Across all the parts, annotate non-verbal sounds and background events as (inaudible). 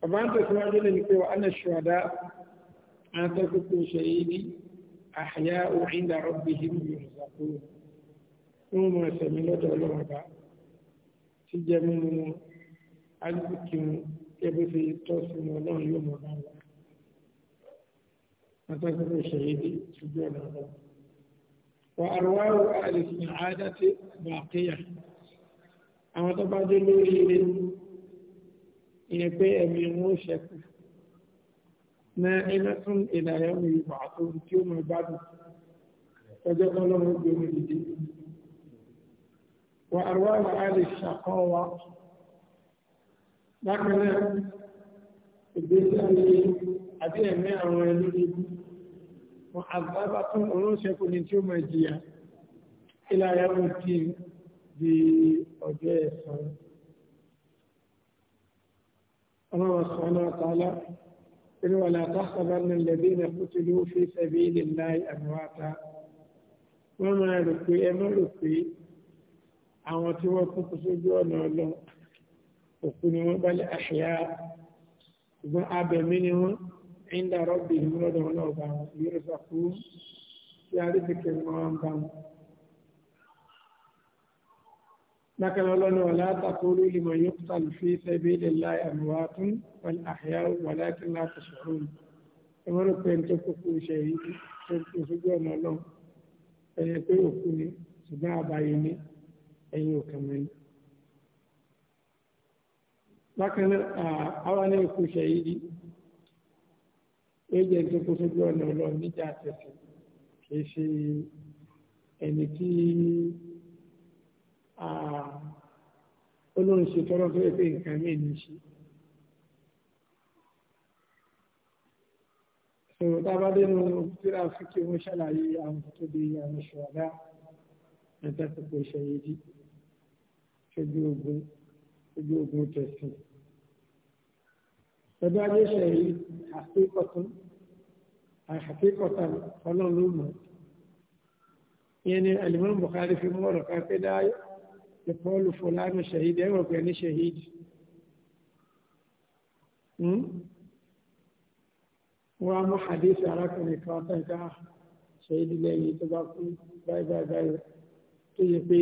bàbá ń tẹ̀síwájú lè ní pé wà ánà ṣùwádá an tẹ́kùkù ṣèyíní àhàyá òhìn dàrọ́ bí i mú ìrìnàkó ń mú ẹsẹ̀ mi lọ́dọ̀ ọlọ́run bá ti jẹ́ mímú wọn alùpùpù wọn fi tọ́ sí wọn ọlọ́run yóò mọ̀ bá wọn an tẹ́kùkù ṣèyíní ṣùgbọ́n ọ̀nà ọlọ́run wà àrùwárò àlè sìn àádá tí bàákẹ́yà àwọn tó bá dé lórí ilé ìyẹn pé ẹ̀mí wọn ó ṣẹ́kù na iná tún ìlànà mi ìwà tó tí ó máa gbádùn ọjọ́ kan lọ́wọ́ gbé omi dìde wà àrùwá wà á lè ṣàkọ́ wa bákan náà ìgbésí ayé àti ẹ̀mí àwọn ẹni ibi wọn àgbàbà tún òun ṣẹ́kù tí ó máa jìyà ìlànà mi ti di ọjọ́ ẹ̀san. الله سبحانه وتعالى إن ولا تحسبن الذين قتلوا في سبيل الله أمواتا wọ́n máa rò pé ẹ má rò pé àwọn tí wọ́n kúkú sójú ọ̀nà ọlọ́run òkú ni wọ́n bá lè àṣeyá ṣùgbọ́n abẹ̀mí ni wọ́n ń dàrọ́ bìí lọ́dọ̀ ọlọ́ọ̀bà yóò rẹ̀ fà kú sí àríbìkẹ́ wọn bá wọn bákan ọlọ́nà ọ̀la taqulu liman yuqtal fi sabilillahi amwatun wal ahya'u walakin la tash'urun ẹ̀wọ́n ló pẹ́ tó kókó iṣẹ́ yìí tó kó sójú ọ̀nà ọlọ́run ẹ̀yẹ pé òkú ni ṣùgbọ́n àbáyé ni ẹ̀yìn òkàn mẹ́rin. bákan náà àwa náà kó iṣẹ́ yìí ó jẹ́ tó kó sójú ọ̀nà ọlọ́run níjà àtẹ̀sẹ̀ kì í ṣe ẹni tí olóhùn ah, ṣe tọrọ fẹ́rẹ́ pé nǹkan mí ní ṣe. sọ̀rọ̀ tá a bá dé nu tíra fíkì wọn ṣàlàyé àwọn tó di àwọn ṣọ̀dá ẹ̀ta kòkò ìṣẹ̀yẹ jí ṣojú ogun ojú ogun tẹ̀sán. ẹgbẹ́ ajé ṣẹ̀yí àfikọ́tún àfikọ́tún ọlọ́run ló ìyẹn ni alimọ́n Bukhari fi mú ọ̀rọ̀ kan pé dáyọ̀ pé paul fulani shahid ẹ hmm? wọ̀ pé ní shahid wọ́n á mú hadith arákùnrin kan tẹ̀ka shahid lẹ́yìn tó bá kú báyìí báyìí báyìí tó yẹ pé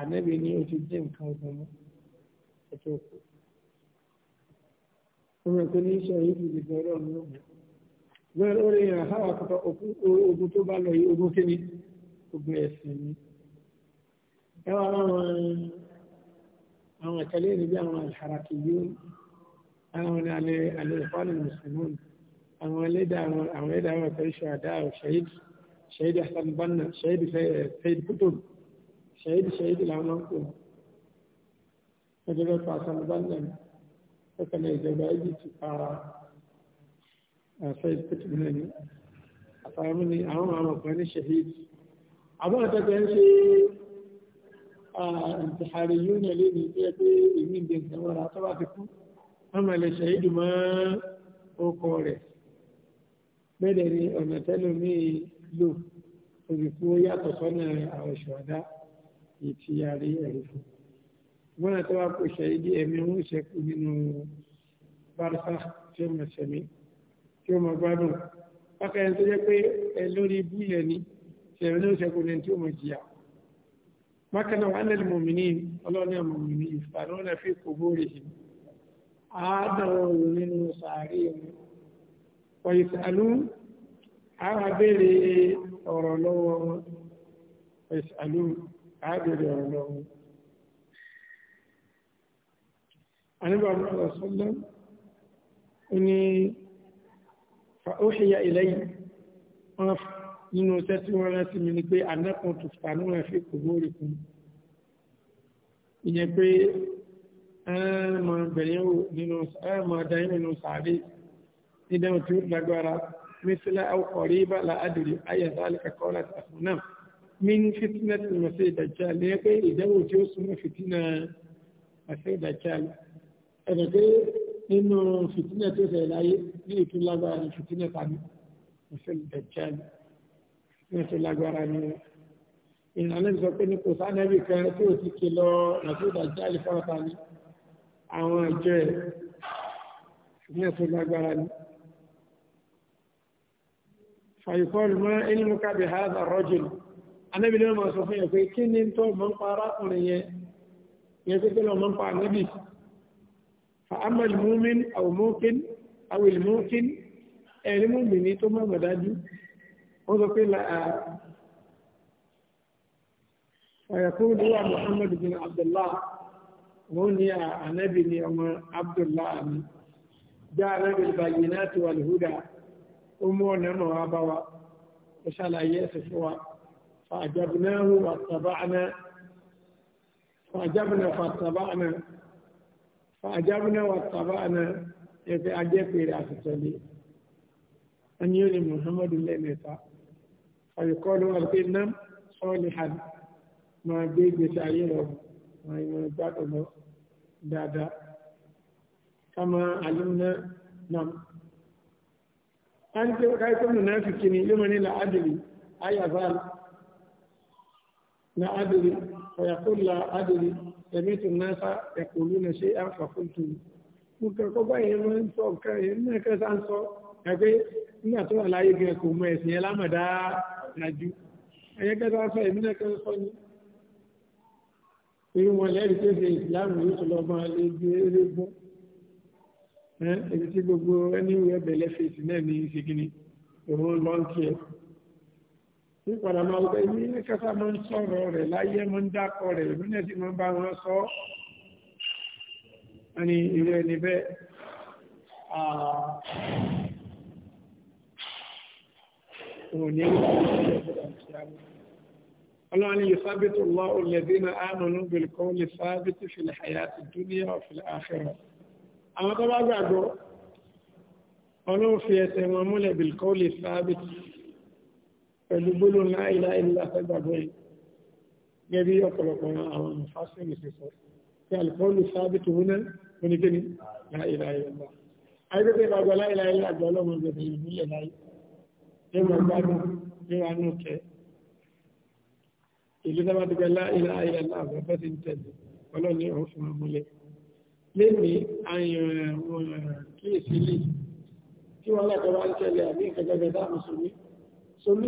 ànẹ́bí ní oṣù dín nǹkan ọ̀gbọ̀n mú ẹ̀tọ́ òkú. Ọmọ ẹ̀kọ́ ní shahid ìdìbò ọlọ́run ló mú bẹ́ẹ̀ lórí ìrìn àháwà ogun tó bá lọ yìí ogun kí ni ogun ẹ̀sìn ni. أمام أمام تليل بأمام الحركيون أمام الإخوان المسلمون أمام ليدا أمام ليدا أمام تعيش أداء وشهيد شهيد أحسن بنا شهيد سيد كتب شهيد شهيد الأمام كتب فجبت أحسن بنا فكان يجب سيد كتب نني أفهمني أمام أمام كتب شهيد أبغى تتنشي ìtìhàrí yóò yẹ lẹ́nu tí ẹ pé èmi ìdè nǹkan wọ́n ra tó bá ti kú wọ́n máa lè ṣàyídù mọ́ ọkọ rẹ̀ bẹ́ẹ̀ ni ọ̀nà tẹ́lómìí lò òbíkú yàtọ̀ sọ́nà àwọn ṣùwádà ìtì àrí ẹ̀rí fún wọn àti wàá kò ṣàyídì ẹ̀mí ń ṣẹ́kù nínú bàrúfà tí ó mọ̀ sẹ́mi tí ó mọ̀ gbádùn bákan tó jẹ́ pé ẹ lórí ibú yẹn ni ṣẹ̀mí ló ṣẹ́kù ní tí ó mọ̀ jìyà bákan náà wà ní mòmìnì ọlọ́ni mòmìnì ìfàlọ́nà fi kò bóre yìí àádọ́rọ̀ òun nínú sàárè wọn wọ́n ìsàlú àwọn abéèrè ọ̀rọ̀ lọ́wọ́ wọn ìsàlú àbèrè ọ̀rọ̀ lọ́wọ́ wọn. àníbà mọ́ra sọ́lá ó ní fa ó ilẹ̀ yìí nínú iṣẹ́ tí wọ́n rán sí mi ni pé anẹ́kùn tùfà ní wọ́n fi kò lórí kun ìyẹn pé ẹ̀ẹ́mọ̀ bẹ̀yẹ̀ wò nínú ẹ̀ẹ́mọ̀ adáyẹ̀ nínú sàárè nídẹ̀wọ̀n tí ó lágbára mísílẹ̀ ọkọ̀rí bá làádìrí ayẹ̀dá alẹ́kọ̀ọ́ láti àfún náà mí ní fitinẹ́ tí mo ṣe ìdàjà ní pé ìdẹ́wò tí ó súnmọ́ fitinẹ́ àṣẹ ìdàjà ẹ̀rọ pé nínú fitinẹ́ tó ṣẹlẹ̀ láyé ní ìtúlágbára ní fitinẹ́ tàbí àṣẹ ìdàjà ni ní tó lágbára ni ìnáwó sọ pé ní kò sánẹ́bì kan tí ò ti ké lọ nàfíìdà jáde fáwọ́ta ni àwọn ìjọ ẹ̀ ní tó lágbára ni. fàyíkọ́lù mọ́ ẹni mú kábí hàdà rọ́jìn anábì ló máa sọ fún yẹn pé kí ni tó máa ń pa arákùnrin yẹn yẹn pé kí ló ń pa anábì fa amal mumin aw mukin ẹni mú mi tó máa mọ̀ dájú أذك إلا آه ويقول هو محمد بن عبد الله هوني نبي أم عبد الله جاء نبي البينات والهدى أمو نمو أبوا وشال أيس سوا فأجبناه واتبعنا فأجبنا فاتبعنا فأجبنا واتبعنا إذا أجبت إلى أن يولي محمد الله ọ̀yọ̀kọ́ ló wà pé ná sọ́ọ̀lì hàn máa gbé ìgbésí ayé rọ̀ máa yọ ìgbàgbọ́ lọ dáadáa ká máa àlùmọ́ náà. a ń tẹ́ káyọ̀ kọ́nù náà fi kíni yóò máa nílà ádìrí ayàbáà na ádìrí ọ̀yàkọ́lá ádìrí ẹ̀mí tó náà sá ẹ̀kọ́ ló náà ṣe àfàkóso nǹkan kọ́ báyìí máa ń sọ nǹkan yẹn náà kẹsàn-án sọ ẹgbẹ́ nígbà tó wà láyé gẹ̀ẹ́kọ̀ mọ́ ẹ̀sìn lajú ẹyẹ kẹta sọ èmi náà kẹta sọ ni irú wọn lẹ́rìí tó ṣe ìsìláàmù yóò tó lọ máa lé gbé erégún ẹni tí gbogbo ẹni ẹbẹ̀ lẹ́fẹ̀ẹ́sì náà ní ìṣègìní òun lọ ń tiẹ̀ ní padà máa wọ ẹni kẹta máa ń sọ̀rọ̀ rẹ̀ láyé máa ń dákọ rẹ̀ èmi náà sì máa ń bá wọn sọ ẹni irú ẹni bẹ́ẹ̀ òun ní ẹ̀rọ ọlọ́run ni yusabitu Allah alladhina amanu bil qawli thabiti fil hayati dunya wa fil akhirah àwọn tó bá gbàgbọ́ ọlọ́run fi ẹsẹ̀ wọn múlẹ̀ bil qawli thabiti pẹ̀lú gbólóhùn la ilaha illa àfẹ́gbàgbọ́ yìí gẹ́bí ọ̀pọ̀lọpọ̀ àwọn ìfásẹ́lì ti sọ tí alìkọ́lù sábìtì húnná oníkíní láìláìlá. àìgbẹ́gbẹ́ láìláìlá léwà gbádùn léwà ní òkè ìlú tó bá ti gbẹ láìlà ayẹlẹ àwọn tó ti ń tẹ̀lé ọlọ́ni ọ̀hún fún amúlẹ̀ lẹ́ni àyàn àwọn kíyèsí lè tí wọ́n láti wá ń tẹ̀lé àbí ìkẹ́gbẹ́ dá àmùsùn ní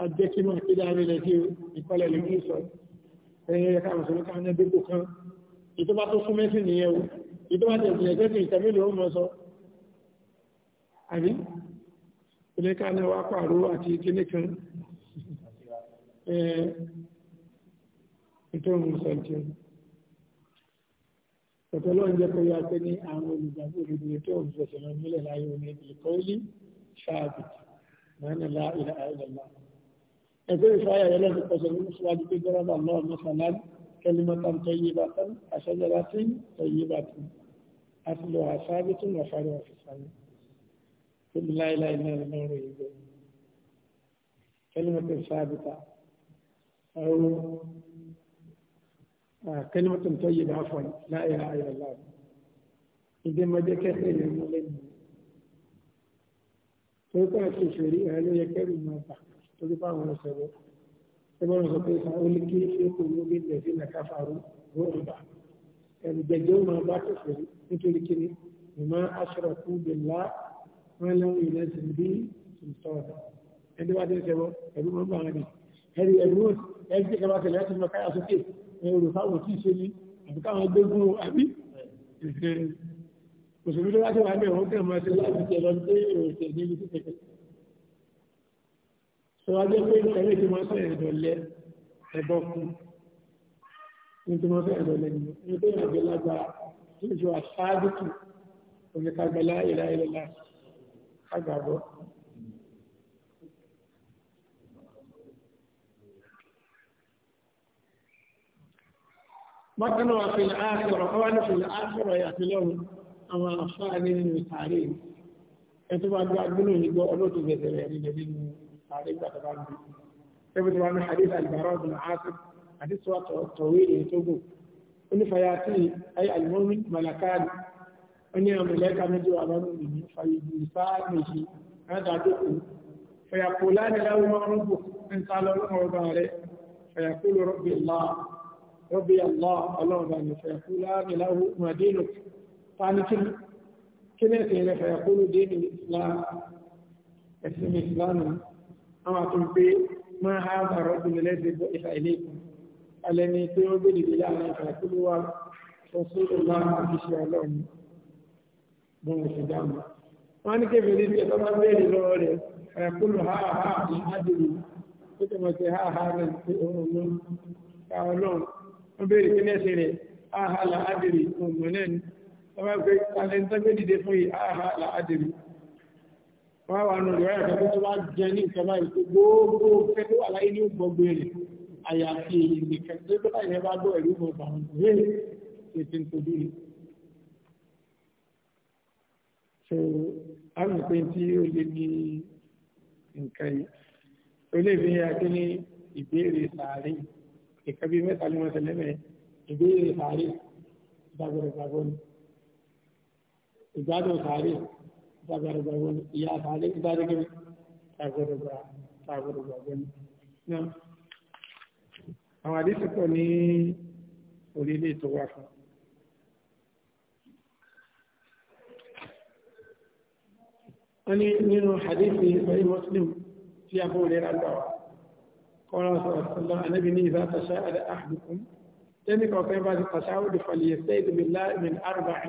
ajẹ́kímọ̀ tí dáre rẹ̀ tí ìkọlẹ̀ lè ní sọ ẹ̀yẹ ẹ̀ka mùsùlùmí ká ní gbogbo kan ìtọ́bá tó fún mẹ́sìn nìyẹn o ìtọ́bá tẹ̀ sí ẹ̀kẹ́ tí ìtẹ̀mílì ó mọ̀ sọ àbí ìlẹ́ka ní wá pàró àti kíní kan ètò òun sọ tí ọ̀tọ̀ lọ́n jẹ́ kóyá pé ní àwọn olùgbàgbọ́ òdodo ètò òun sọ̀tẹ̀ lọ nílẹ̀ láyé omi ìkọ́lí ṣáàbì mọ́nà láìláìlá ẹgbẹ́ ìfáyà yẹn lẹ́nu pẹ̀sẹ̀ nínú síwájú pé dọ́rọ́bà lọ́wọ́ mọ́sánlá kẹlímọ́tà ń tẹ́yé bá tán àṣẹjára tí ń tẹ́yé bá tán àti lọ àṣáájú tó wà fárí ọ̀fẹ́ sáré tó ní láéláé náà lọ́rọ̀ ìgbẹ́ kẹlímọ́tà sábìtà ọ̀rọ̀ kẹlímọ́tà ń tẹ́yé bá fọ́n láì ra ayọ̀ láàbù ìdẹ́mọdé kẹsẹ̀ yẹn mọ́lẹ́yìn tó kọ́ àti ìṣòrí ẹ̀ ló yẹ kẹ́rù máa bàa torí pé àwọn ọ̀sẹ̀wọ́ ẹgbẹ́ wọn sọ pé fa ó lé kí ṣe kò ní omi ilẹ̀ sí nàkàfàrú rọ́ọ̀rùbá ẹ̀rù jẹjẹ ó máa bá kẹfẹ́ nítorí kíni ìmọ̀ aṣọ́rọ̀kú bẹ̀lá wọn lẹ́wọ̀n ilẹ̀ sí bí ìtọ́ọ̀dà ẹni wá dé ṣẹwọ́ ẹ̀rù máa ń bá wọn ni ẹ̀rù ẹ̀rù ẹ̀rù tí kẹfà tẹ̀lé ẹ̀sìn mọ́káyà sókè ẹ̀rù fáwọn tí ì ṣe ni àbí káwọn àbí òṣèlú tó wá sí wàá bẹ̀rẹ̀ tó wájú pé nǹkan lè ti máa sọ ẹ̀dọ̀ lẹ ẹ̀bọ fún ní ti máa sọ ẹ̀dọ̀ lẹ nínú ní pé ìrìnàjò lágbára tí ìjọ àṣáájú tù òní kágbálá ìlà ìlà kágbàbọ. bákan náà fi àkọrọ ọwọ́ ní fi àkọrọ yàtí lọ́rùn àwọn àfáà nínú ìtàrí ẹ̀ bá gbá gbóná ìgbọ́ ọlọ́tún bẹ̀rẹ̀ nínú parí ìgbà tó bá ń bí. Ṣébi tí wọ́n ní Hadith Al-Bara' bin Asim, Hadith wa tọ̀wé èyí tó gùn. Ó ní Fayati, Ayé Alimomi, Malakani, ó ní Amẹ̀lẹ́ka méjì wà lọ́nà ìlú, Fayidi, Fáàmìjì, Rádàdókù, Fayakula ni láwọn ọmọrúgbò ń sá lọ lọ́wọ́ ọba rẹ̀, Fayakulu Rabbi Allah, Rabbi Allah, ọlọ́ọ̀bà ni Fayakula ni láwọn Màdínù, Fánikini, kí ni ẹ̀sìn rẹ̀ Fayakulu Dínì Islam, ẹ̀sìn Islam nìyí àwọn àtún pé máa ha bàrọ̀ bí lẹ́sẹ̀ bọ́ ìfà ilé ìkùn alẹ́ni tí ó gbé dìde láàrin ìfà ìkúlù wa sọ sí ọlá àti ṣe ọlọ́run bọ́n oṣù dáhùn. wọ́n ní kébìrì tí ẹ̀tọ́ bá béèrè lọ́wọ́ rẹ̀ ẹ̀kúlù ha ha ní ádìrí tó tẹ̀ mọ̀ sí ha rẹ̀ sí wọ́n wà nù rẹ̀ ẹ̀kọ́ tó wá jẹ ní ìjọba so àwọn ìpín tí ó lé ní nǹkan yìí ó lè ìbéèrè sàárè ìkan mẹ́ta ni wọ́n ṣẹlẹ̀ ìbéèrè sàárè ìgbàgbọ́ ìgbàgbọ́ تغربا ون يا فالك ذلك تغربا تغربا ون نعم àwọn àdìsí pọ̀ ní orílẹ̀ ètò wà fún wọ́n ní nínú àdìsí ìsọ̀rí muslim tí a bóòrè rágbàwà kọ́nà sọ̀rọ̀sọ̀lọ́ anábi ní ìzátàṣá àdìkún tẹ́ni kọ̀ọ̀kan bá ti tàṣáwọ́dù fàlìyẹ̀ sẹ́ẹ̀dì bí láàrin arba'a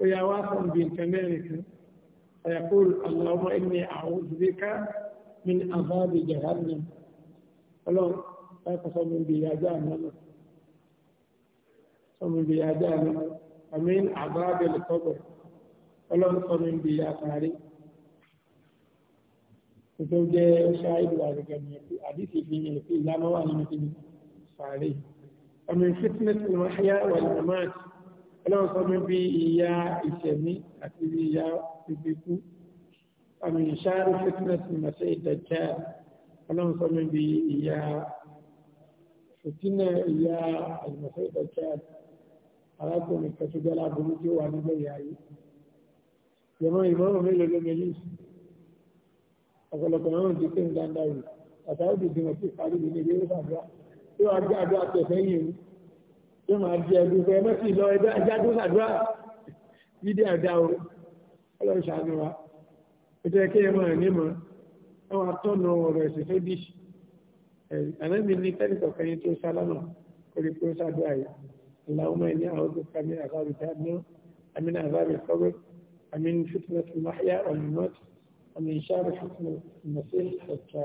ó yà wá sọ̀rọ̀ bí nǹkan mẹ́rin kan فيقول اللهم إني أعوذ بك من عذاب جهنم ọlọ́run láti sọ mi bí ìyájá àmọ́nà sọ mi bí ìyájá àmọ́nà àmì àbábẹ̀lẹ̀ tọ́gbọ̀ ọlọ́run sọ mi bí ìyá àtàrí tó jẹ́ ṣáàìdù àrùgbẹ̀ ní ẹ̀kú àdìsí fi yẹn pé ìyá máa wà nínú kíni sàárè ọmọ ìfitness ni wọ́n ṣáyà wà nínú máàkì ọlọ́run sọ mi bí ìyá ìṣẹ̀mí àti bí ìyá ìgbèkú àmì ìṣáájú fitness ní màṣẹ ìdàjà ọlọ́run sọ mi bí ìyá fìtínà ìyá àjùmọ̀ṣẹ́ ìdàjà arákùnrin kẹtùgbẹ́lá burú tí ó wà nígbẹ̀ ìyá yìí yẹmọ́ ìmọ̀ràn mélòó ló mẹ́lí ọ̀pọ̀lọpọ̀ náà ti kéwòn dáadáa rè àtàwọn òbí gbìmọ̀ sí ìparí ìdílé ìwé ìfàdúrà tí yóò máa di ẹ̀dùn fẹ́ mẹ́sì lọ ẹgbẹ́ ajá tó sàdúrà yídé àdá o ọlọ́run ṣàánú wa ó jẹ́ kí ẹ máa ní mọ́ àwọn atọ́nà ọ̀rọ̀ ẹ̀sìn tó dì ànábì ní tẹ́lifọ̀ kẹyìn tó sálámà orí pé ó sàdúrà yìí aláwọ̀mọ́ ẹni àwọn tó ká ní àbábí dáná àmìnà àbábí kọ́wé àmìn fitness mahya ọ̀nìmọ́t àmìn ìṣàrò fitness mẹ́sẹ̀ ẹ̀ka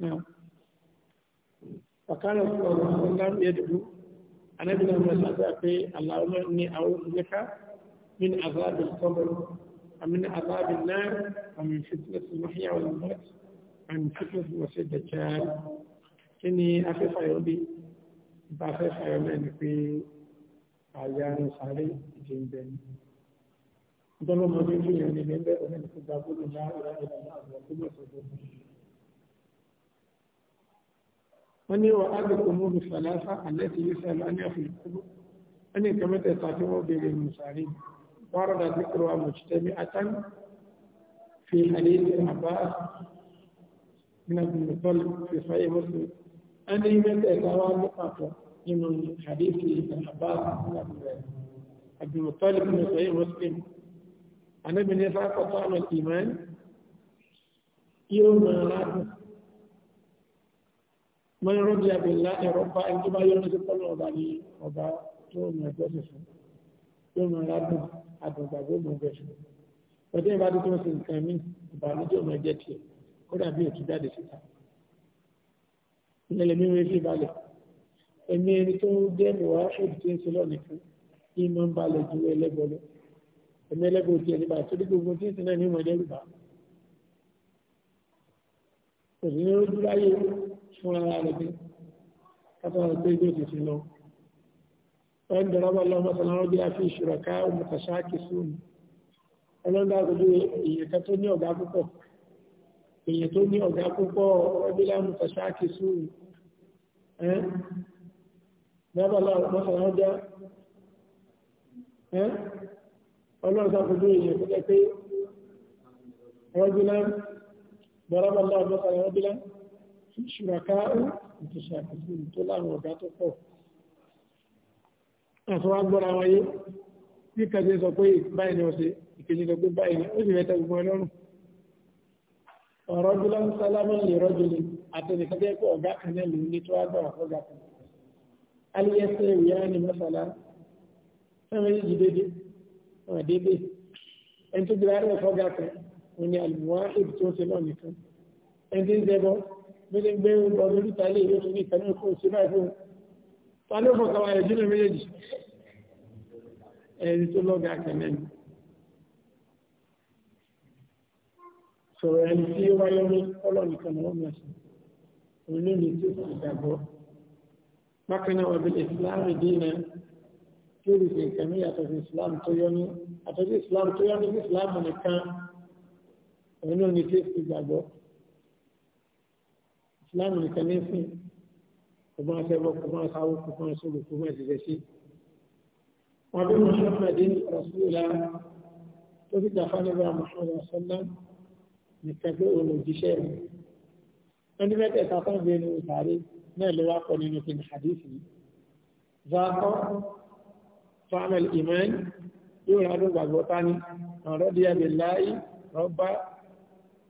náà. فكان الله يدعو Ànábì náà mọ̀ sábẹ́ pé aláwọ̀ ní àwọn ìlẹ́ka min azabil qabr amin azabil nar amin fitness mahya wal mat amin fitness masih dajjal kí ni afẹ́fà yọ bí bá afẹ́fà yọ náà ni pé àyà ń sáré ìdí ń bẹ ní. Ìjọba ọmọdé ń gbìyànjú ní ẹgbẹ́ òun ní kó gbàgbọ́ ní àwọn ọmọ أني الأمور الثلاثة التي يسأل أن يخلق أني كما تتعفوا بالمسالين ورد ذكرها مجتمعة في حديث عباس من ابن المطلب في صحيح مسلم أني من تتعلق من حديث ابن عباس من ابن المطلب في صحيح مسلم أنا من يفعل طعم الإيمان يوم راتب mọ́n rọ́bì àbẹ̀lá ẹ̀rọ bá ẹni tó bá yọ́nà sí pọ́lọ̀ ọba ní ọba tó mọ̀ ẹgbẹ́ sí fún yóò mọ̀ ládùn àdùngbàgbé mọ̀ ẹgbẹ́ sí ọjọ́ ìbá tó tún sí nǹkan mí ìbànújẹ́ mọ̀ ẹgbẹ́ tiẹ̀ kó dàbí òtú jáde síta ìyẹn lèmi wọ́n fi balẹ̀ ẹ̀mí ẹni tó ń dé mọ̀wá ṣèlú tí ń ṣe lọ́ọ̀ nìkan kí mọ̀ ń balẹ̀ ju ẹlẹ́gbọ́ lọ ẹ̀mí ẹlẹ́gbọ́ tiẹ̀ nígbà tó dé gbogbo tí ń sin náà ní ìmọ̀ ẹlẹ́gbàá kò sí ní ojú láyé fúnra rẹ̀ bí kátàrà pé ibi òtítì lọ wọ́n dọ̀rọ̀ bá lọ́wọ́ sọ̀rọ̀ bí a fi ìṣúra ká mọ̀tàṣáàkì sùn ọlọ́dà gbogbo èèyàn kan tó ní ọ̀gá púpọ̀ èèyàn tó ní ọ̀gá púpọ̀ ọ̀rọ̀bílá mọ̀tàṣáàkì sùn ẹ́ dọ́bà lọ́wọ́ sọ̀rọ̀ já ẹ́ ọlọ́dà gbogbo èèyàn tó jẹ́ pé ọ̀rọ̀bílá mọ̀tàṣáàkì sùn ضرب الله مثلا رجلا شركاء متشاكسين طلع وقعته خوف àtúwà gbọ́ra wáyé bí kàbí sọ pé báyìí ni ó ṣe ìkejì sọ pé báyìí ni ó sì mẹ́ta gbogbo ẹlọ́rùn ọ̀rọ̀ jùlọ ń sálámà lè rọ́jò lè àtẹnì kẹ́kẹ́ pé ọ̀gá kan náà ni mọ́sálá fẹ́mi yìí dédé wọn dédé ẹni tó gbé rárẹ̀ wọn ni almuwahid tí ó ṣe náà nìkan ẹni tí ń jẹbọ bí ṣe ń gbé ọdún lórí tálẹ̀ yóò tún ní ìtẹ́lẹ̀ kó ṣe báyìí fún un ta ló fọkàn wáyé jùlọ méjèèjì ẹni tó lọ́gà kẹ́lẹ́ ni sọ̀rọ̀ ẹni tí ó wáyé ní ọlọ́nìkan ni ní tí ó òun náà ní tí èsì gbàgbọ́ ìsìláàmù nìkan ní fún kò máa ṣẹbọ kò máa sáwó kò máa sọ̀rọ̀ kò máa ṣiṣẹ́ sí. wọn bí Muhammad rasulullah tó fi gbà fánibà Muhammad sọlá nìkan pé òun ò jíṣẹ́ rẹ̀ wọn ní mẹ́tẹ̀ẹ̀ta tó ń gbé nínú náà ló wá kọ nínú kí ní hadith yìí. zaakọ fámẹ́lì yóò rán ló gbàgbọ́ tání àwọn rọ́díyà billahi rọ́bà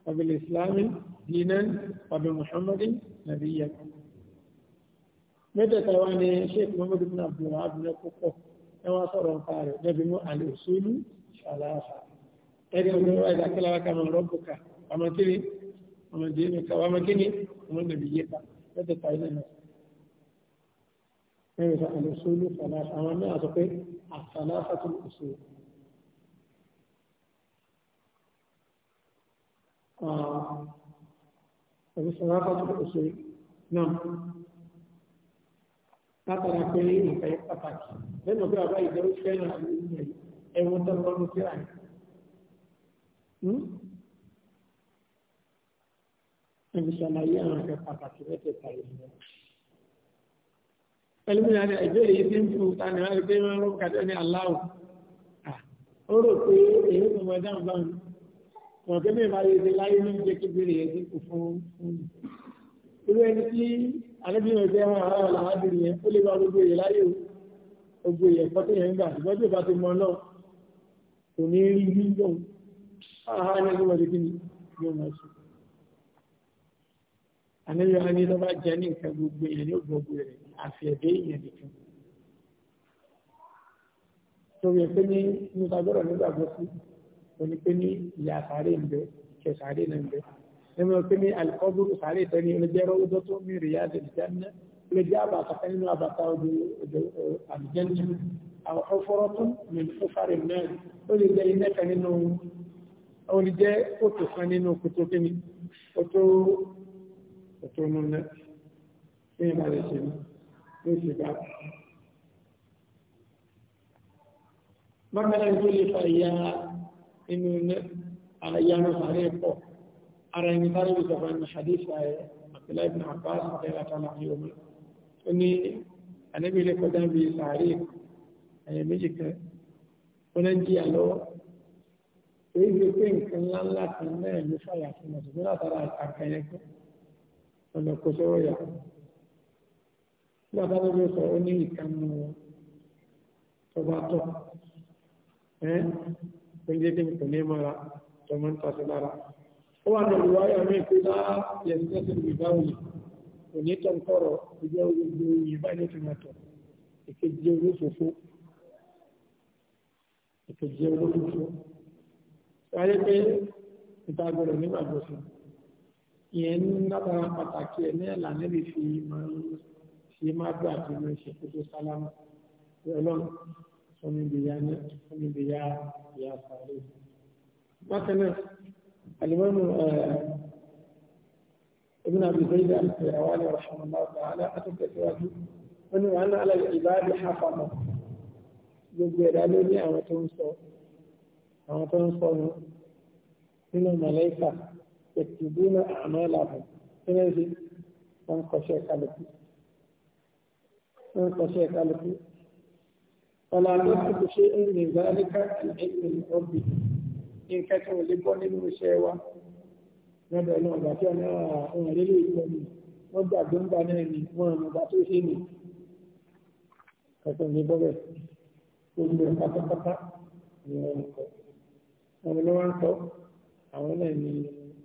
وبالإسلام دينا وبمحمد نبيا متى تواني شيخ محمد بن عبد الوهاب بن كوكو ẹwà sọ̀rọ̀ nǹkan rẹ̀ lẹ́bi mú àlùsùlù ṣàlàáfà ẹgbẹ́ ọmọ ìwà ìdákẹ́lára kan ọ̀rọ̀ bùkà ọmọkiri ọmọdéèmí ká ọmọkiri ọmọdébí yípa mẹ́tẹ̀ẹ̀ta ilé náà ẹgbẹ́ sọ àlùsùlù ṣàlàáfà àwọn mẹ́ta sọ pé àṣàlàáfà tó lùsùlù tàbí sọ̀rọ̀ tó ṣe náà látara pé nǹkan yẹn pàtàkì lẹ́nu pé bàbá ìjọba fẹ́ràn àwọn ènìyàn ẹ̀wọ̀n tó lọ́ ní kíra yìí. Ẹbí ṣàlàyé àwọn akẹ́ pàtàkì mẹ́tẹ̀ẹ̀ta ìlú. Ẹlúmìnà ni ìbéèrè yìí ti ń fún ta ni wọ́n rí pé wọ́n rọ́ọ̀kadà ní aláwọ̀. Ó rò pé èyí tó mọ dáhùn báwọn ọ̀gẹ́ mi máa yẹ láyé ní jẹ́ kí bèrè yẹn dínkù fún fún mi. irú ẹni tí alẹ́bíyàn ẹgbẹ́ hàn án àwọn làwádìí yẹn ó lè wá gbogbo èyẹ láyé o gbogbo èyẹ ẹ̀kọ́ tó yẹn ń gbà ṣùgbọ́n tí o bá ti mọ náà kò ní rí ní gbọ̀n áhà ní ẹgbẹ́ wọn ti kí ni yóò máa sùn. àníyàn á ní lọ́ bá jẹ ní nǹkan gbogbo èyẹ ní ògbógbò rẹ̀ àfi ẹ̀dẹ́ èyẹ nìkan. torí ẹ pé ní mo gbọ́dọ̀ nígbàgbọ́ sí oní pé ní ìyá sáré ń bẹ ìkẹ sáré náà ń bẹ nínú pé ní alikọ́bùrù sáré tẹ́ni olùjẹ́rọ ọdọ́ tó mi rèé àdìjẹ́ náà olùjẹ́ àbàtà kan nínú àbàtà odò àdìjẹ́ náà àwọn ọ̀fọ́rọ́ tún mi fún fárẹ̀ náà ó lè jẹ́ iná kan nínú ó lè jẹ́ kòtò kan nínú kòtò kíni kòtò kòtò nínú ní ìmọ̀ rẹ̀ ṣe ní oṣù bá. bákan náà tó inú ilé ara yanu sáré pọ̀ ara ẹni sáré bí sọ̀rọ̀ ẹni hadith ayé Abdullahi ibn Abbas àtẹ́lá tọ́lá ní omi ó ní anábì ilé kọjá bí sáré ẹ̀yẹ méjì kan ó náà jí àlọ́ èyí tó ẹ́ tó ń jẹ́ kí n kò ní mọ́ra tó máa ń tàṣí lára. ó wà lọ́rùn wáyà mí pé lá yẹn ti tẹ́sí ìlú ìbá òye kò ní tọ́ nkọ́rọ̀ ìjọ gbogbo òye báyìí ní tòmátò ìkejì olófòfó ìkejì olófòfó. wáyé pé ìta gbọdọ̀ nígbàgbọ́ sí ìyẹn ń lábára pàtàkì ẹ̀ ẹ̀là níbi fi máa gbà oníbìyá ìyá sàárè. bákan náà alimami eh, ibn abi zayd al-qirawani rahimahullah ta'ala atọ́tẹ̀síwájú wọ́n ní wàhálà alẹ́ ìbáàdì hafama gbogbo ẹ̀dá ló ní àwọn tó ń sọ àwọn tó ń sọ nù nínú màláíkà yaktubuna a'malahum kí wọ́n ń kọ́ṣẹ́ kálukú. ولا نثبت شيئا من ذلك عن علم الرب إن كتبوا لبون المشاوى lọ́dọ̀ ọlọ́run bá tí ọ̀nà àwọn ìrẹ́lẹ̀ ìgbọ́ ni wọ́n gbàgbé ń bá náà ni wọ́n àmọ́ bá tó ṣe ni ẹ̀sìn ní bọ́bẹ̀ gbogbo pátápátá ni wọ́n ń kọ́ àwọn ni wọ́n ń kọ́ àwọn náà ni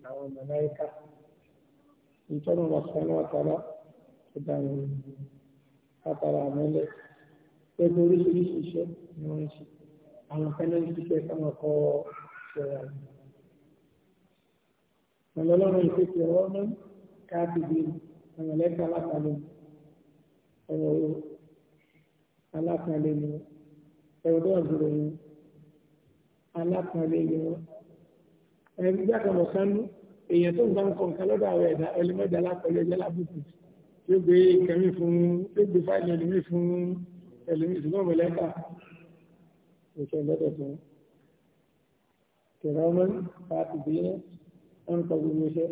àwọn màláíkà ìtọ́nà wà sọ́nà wà tààrà tó dáhùn látara àmọ́lẹ̀ pẹ̀lú oríṣiríṣi iṣẹ́ ni wọ́n ń ṣe àwọn kan náà ń ṣiṣẹ́ káwọn kọ́ ṣọ́ra rẹ̀. ọlọ́lọ́run ìpèsè ọwọ́ mọ́ káàkiri àwọn ẹlẹ́ka alákàlẹ̀ ọ̀rọ̀ alákàlẹ̀ ni ẹ̀rọ ọ̀dùnrò ni alákàlẹ̀ ni wọ́n. ẹ̀rí jákè mọ̀ sánú èèyàn tó ń bá ń kọ nǹkan lọ́dọ̀ àwọn ẹ̀dá ẹlẹ́mẹ̀dá alákọ̀ọ́lẹ̀ ẹ̀jẹ̀ lábùkù yóò gbé kẹmí fún yóò gbé fáìlì ẹ̀lẹ́mí fún ẹlòmí ìṣùgbọ́n mọ̀lẹ́kà ìṣẹ́ lọ́dọ̀ tó ń kìrọ́mọ́ láti bí ẹ̀ ń kọ gbogbo iṣẹ́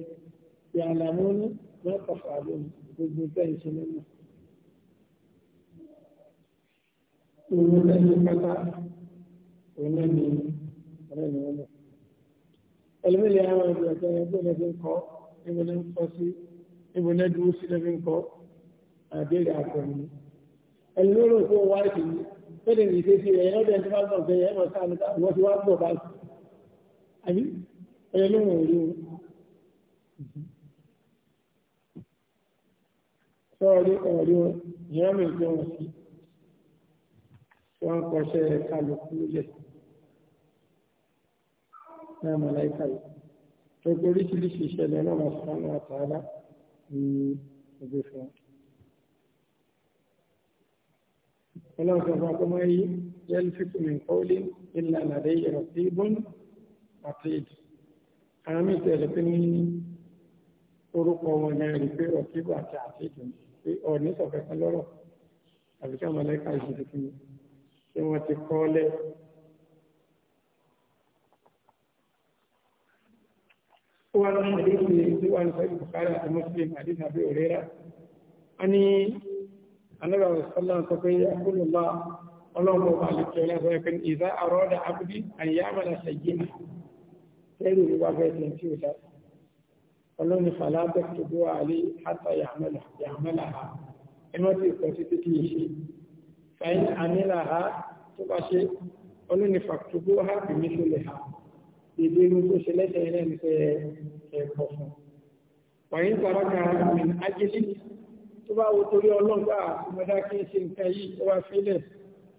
ti àlàmú ní mẹ́kọ̀ fàálù gbogbo iṣẹ́ ìṣẹ́ nínú. Gbogbo iṣẹ́ ìṣẹ́ pátá òun náà ni ọ̀rẹ́ mi wọ́n mọ̀. Ẹlòmí lè àwọn ìgbà tó ń gbé lẹ́sìn kọ́ níbo sí níbo ní sí lẹ́sìn kọ́ àdéhùn àkọ́ni ẹni ló rò fún wáyé tì í fẹ́lẹ̀ ní ìṣe sí ẹ̀yẹ́ lọ́dẹ̀ tó bá gbọ̀n fẹ́ ẹ̀yẹ́ mọ̀ká ní wọ́n ti wá gbọ̀ báyìí àbí ẹ̀yẹ́ ló wọ̀n rí o. sọ́ọ̀rí ọ̀rí o ìyá mi gbé wọn sí wọn kọṣẹ́ kálukú lẹ̀ náà mọ̀láìka yìí gbogbo oríṣiríṣi ìṣẹ̀lẹ̀ náà wọ́n sọ́nà àtàlà ní ìgbésẹ̀ wọn. ọlọ́run sọ fún akọ́mọ́ yìí yẹn fi kún mi kọ́ọ́lì ilà àlàdé ìrọ̀ sí ibùn àti ìdì àwọn mi tẹ̀lé pé ní orúkọ wọn yẹn rí pé ọ̀sí ibùn àti àti ìdì pé ọ̀ní sọ̀fẹ́ kan lọ́rọ̀ àbí ká mọ̀lẹ́ka ìṣẹ̀lẹ̀ fún mi tí wọ́n ti kọ́ lẹ̀. wọ́n ní àdéhùn tí wọ́n ń sọ àti mọ́sílẹ̀ àdéhùn àbí a ní annabi sallallahu alaihi wasallam ya kullu ba ọlọ́run ọba àlejò ẹlẹ́fẹ́ ẹ̀kẹ́ ní ìdá àrọ́dà abúdí àyàmàlà ṣàyẹ̀mà tẹ́lẹ̀ ìwà bẹ́ẹ̀ tẹ̀ tí ó dá ọlọ́run ní fàlà bẹ́ẹ̀ tó àlẹ́ àtà yàmàlà ha ẹmọ́ tí ìkọ̀ sí títí ìṣe fàyín àmìlà ha tó bá ṣe ọlọ́run ní fàtúgbó ha bí mi tó bá wo torí ọlọ́run bá àtúmọ̀dá kí n ṣe nǹkan yìí ó wá sílẹ̀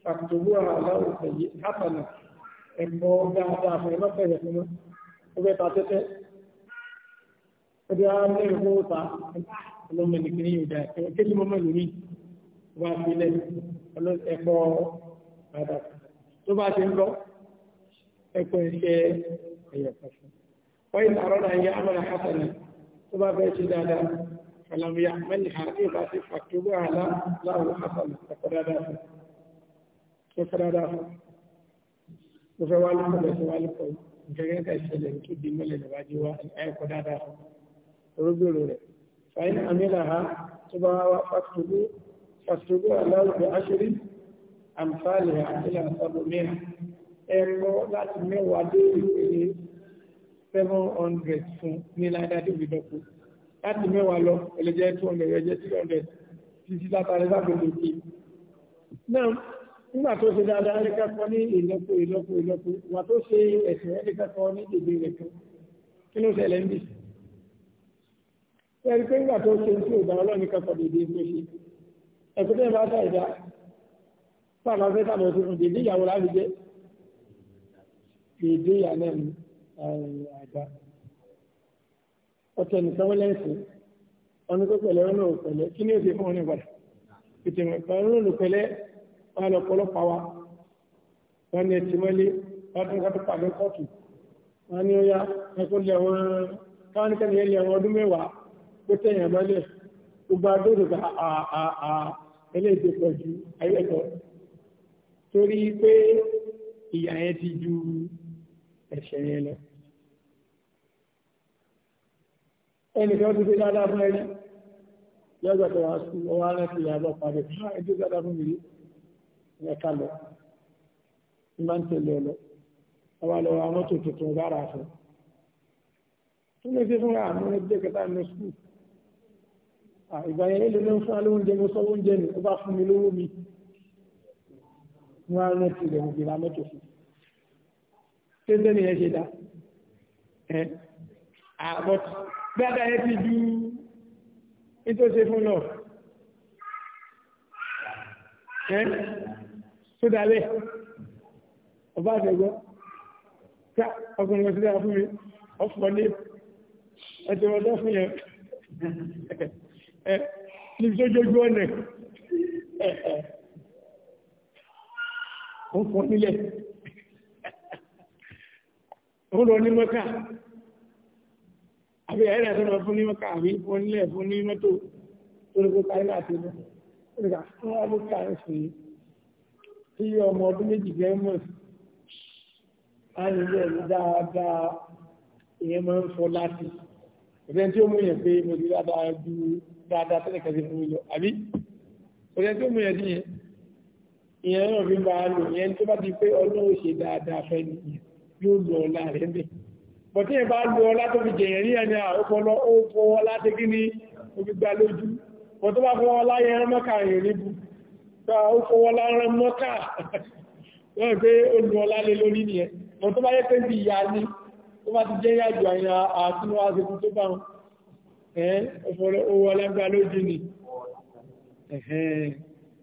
fàtòwú àláwọ̀ pẹ̀lú hàpànà ẹ̀mọ́ dáadáa fún ẹ̀mọ́ bẹ̀rẹ̀ fún mọ́ ó fẹ́ ta tẹ́tẹ́ ó dé ara mẹ́rin fún ó ta ọlọ́mọ nìkan yóò dá ẹ̀kọ́ kéjì mọ́mọ́ lórí wá sílẹ̀ ẹ̀kọ́ padà tó bá ti ń lọ ẹ̀kọ́ iṣẹ́ ẹ̀yẹ̀kọ́ fún wọ́n yìí àrọ́dà yẹ فلم يعملها إذا فاكتبوها له حسنة فقد أدافع وفوالك وفوالك gẹ́gẹ́ ìṣẹ̀lẹ̀ tó di mẹ́lẹ̀ lẹ́wájú wa ẹ̀kọ́ dáadáa rúgbòrò rẹ̀. fàyín àmìlà ha tó bá wá fàṣùgbò aláwùjọ aṣírí àǹfààlì àmìlà sọ́bọ̀ mìíràn láti mẹ́wàá dé ìpele 700 fún ní ládàá dìbìdọ́kù láti mẹ́wàá lọ ẹlẹ́jẹ́ 200 ẹjẹ́ 300 títí látàrí lágbègbè kí. náà nígbà tó ṣe dáadáa ẹlẹ́kẹ́kọ́ ní ìlọ́po ìlọ́po ìlọ́po wà tó ṣe ẹ̀sìn ẹlẹ́kẹ́kọ́ ní èdè rẹ̀ kan kí ló ṣẹlẹ̀ ń bì. ṣe é pé nígbà tó ṣe tí ògbà ọlọ́ọ̀ni kẹ́kọ̀ọ́ dèdè tó ṣe ẹ̀kọ́ tẹ́ bá dá ìdá fáwọn afẹ́ tàbí ọ̀tún dèdè ìyàwó láti jẹ́ dèdè ìyà náà ní àìdá ọtọ nìkan wọlé ẹsìn ọni tó pẹ̀lẹ́ ọ̀nà òpẹlẹ kí ni èsì fún ọ nígbà ètò ìmọ̀ta ọ̀nà òpẹlẹ wọn lọ pọ̀lọpọ̀ wa wọn ni ẹtì mọ́lé wọn tún ká tó pàdé kọ́ọ̀tù wọn ni ó yá ẹkọ lẹ wọn káwọn nìkan yẹn lẹ wọn ọdún mẹ́wàá tó tẹ̀yìn àbálẹ gbogbo adóòdò ká àà ẹlẹ́ẹ̀dẹ́ pọ̀jù ayẹ́tọ̀ torí pé ìyà yẹn ti ju ẹ̀ṣẹ̀ yẹn lọ. ẹnìkan ti fi dáadáa fún ẹni lọ́jọ́ tó wá sí ọwọ́ alẹ́ ti yà lọ pàdé fún ẹjọ́ dáadáa fún mi yẹ ká lọ ní máa ń tẹ̀lé ọ lọ ọwọ́ alẹ́ wa mọ́tò tuntun bára fún kí ló dé fún àmú ẹgbẹ́ kẹta ní sùkúù ìgbà yẹn lè lọ fún alóúnjẹ mo sọ oúnjẹ nì ó bá fún mi lówó mi wọn á rántí rẹ mo gbìlà mọ́tò fún ṣé bẹ́ẹ̀ ni ẹ ṣe dá ẹ àbọ̀tì gbẹ́gbẹ́ yẹn ti ju nítòsí fún lọ. ẹ sódàlẹ̀ ọba àtẹ̀gbọ́ ká ọkùnrin lọ sílẹ̀ fún mi ọ̀fọ̀ ní ẹ̀tẹ̀ ọ̀dọ́ fún yẹn ẹ níbi tó jójú ọ̀nà ẹ̀ ẹ̀ ó fọ́ nílẹ̀ ó lọ ní mọ́ká àbí ẹ̀rẹ́ tó lọ fún ní mọ́ká àbí fún nílẹ̀ fún ní mọ́tò tó lè kó káyé láti lọ nígbà fún wa ló ká ń sè é tí ọmọ ọdún méjì jẹ́ mọ̀ sí láti ilé ẹ̀mí dáadáa ìyẹn máa ń fọ láti ọ̀dẹ́ tí ó mú yẹn pé mo ti dáadáa ju dáadáa tẹ́lẹ̀ kẹsì fún mi lọ àbí ọ̀dẹ́ tí ó mú yẹn sí yẹn ìyẹn náà fi máa lò ìyẹn tó bá ti pé ọlọ́run ṣe dáadáa fẹ́ nìyẹn yóò lọ ọ̀la rẹ̀ bẹ́ẹ̀ bọ̀tí ìbá lò ọlá tó fi jẹ̀yẹ̀ ní ẹni àpọlọ ó fọ́ ọlá tẹ́ kí ní ogbígbà lójú bọ̀ tó bá fọ́ ọlá yẹn mọ́kà rìn níbu tó ó fọ́ ọlá rán mọ́kà (laughs) wọ́n pé ó lù ọlá lé lórí nìyẹn bọ̀ tó bá yẹ ni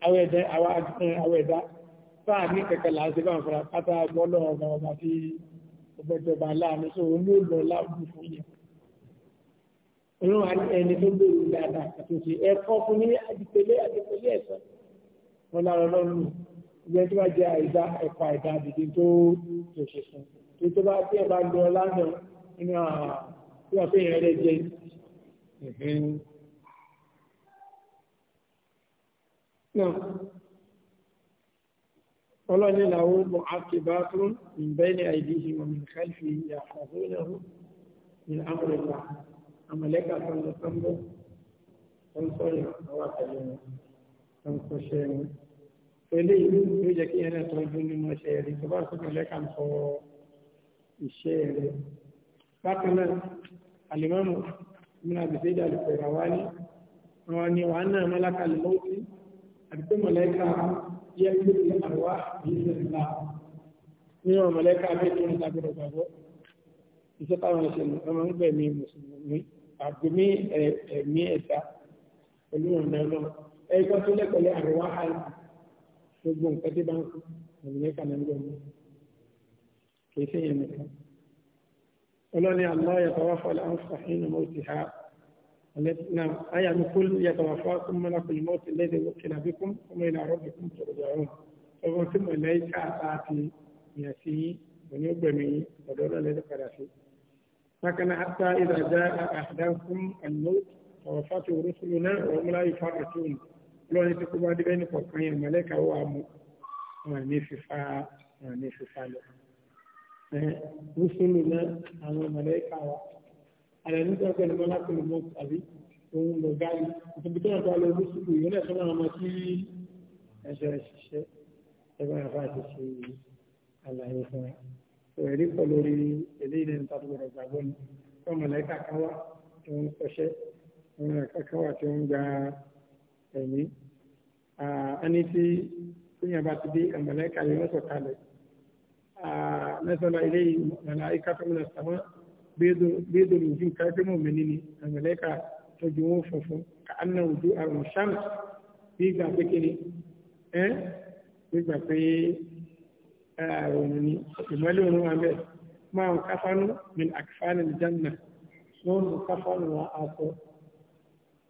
àwọn ẹ̀dá fáà ní kẹkẹ làásìbà fúra ọgbẹ́jọba láàánú tó o ní ò lọ láàbù fún yẹn. Inú ẹni tó gbèrú dáadáa àtúnṣe ẹ̀kọ́ fún ní adìpele adìpele ẹ̀sán. Wọ́n lára ọlọ́run ìgbẹ́ tó bá jẹ́ àìdá ẹ̀kọ́ àìdá àdìdí tó ṣe fún. Tó tó bá tí ẹ bá lọ lánà nínú àwọn tí wọ́n fi yẹn rẹ̀ jẹ. Náà ọlọ́ni làwọn ọmọ akébátún ìbẹ́ni àìdíhì wọn ní káìfì ìyàkọ̀ọ́ náà ní amúrẹ̀lá àmọ̀lẹ́kà tó ń lọ sọ́mbọ́ tó ń sọ̀rọ̀ àwọn àtẹ̀lé wọn tó ń kọ́ṣẹ́ wọn. pẹ̀lẹ́ ìlú ló jẹ́ kí ẹnẹ́ tọ́jú nínú ẹṣẹ́ rẹ̀ tó bá sọ̀rọ̀ wa ni wọn ni wàá náà mọ́lákà yẹ́lú àrùwá yìí nígbà ní ọmọ mọ̀lẹ́ka méjì ní agbọ̀dọ̀ gbàgbọ́ iṣẹ́ táwọn ṣe ọmọ ń gbẹ̀mí mùsùlùmí àgbẹ̀mí ẹ̀mí ẹ̀ta pẹ̀lú ọ̀nà náà ẹ̀kọ́ tó lẹ́kọ̀ọ́lẹ́ àrùwá àìsàn gbogbo nǹkan tí bá ń kú mọ̀lẹ́ka ní gbẹ̀mí kì í ṣe yẹn nìkan ọlọ́ni àlọ́ yẹtọ̀wọ́fọ́ láǹfà nínú نعم أي أن كل يتوفاكم ملك الموت الذي وكل بكم ثم إلى ربكم ترجعون فمن ثم إليك أعطي يسي من يبني ودول الذي قال فيه فكان حتى إذا جاء أحدكم الموت توفته رسلنا وهم لا يفرطون lọ́ni tí kó bá dé bẹ́ẹ̀ nípa kan yẹn mọ̀lẹ́ka ó wà mú wọn ní fífa àlàyé tó ọgbẹ́ nípa láti lè mọ́ àbí òun lọ gáyé ìtòbí tó ọ̀dọ́ lọ lóṣùkú yìí lẹ́sọ̀ náà máa sí ẹ̀ṣẹ̀ ṣiṣẹ́ ẹgbẹ́ àbá àti ṣe àlàyé fún wa ẹ̀rí pọ̀ lórí eléyìí lẹ́nu tó gbọdọ̀ gbàgbọ́ ni tó mọ̀lẹ́kà kan wá tó ń kọ́ṣẹ́ mọ̀lẹ́kà kan wá tó ń gba ẹ̀mí ẹni tí kúnyà bá ti dé mọ̀lẹ́kà yìí lọ́sọ̀ kalẹ̀ mẹ́sàn-án eléyìí mọ̀lẹ́kà tó ń lọ sàmọ́ بيدو بيدو نجيم كاتم ومنيني الملائكة تجوه ففو كأن وجوء الشمس بيجا بكني إيه بيجا في آه، ومني يملون وعمل ما كفن من أكفان الجنة نون كفن وآفو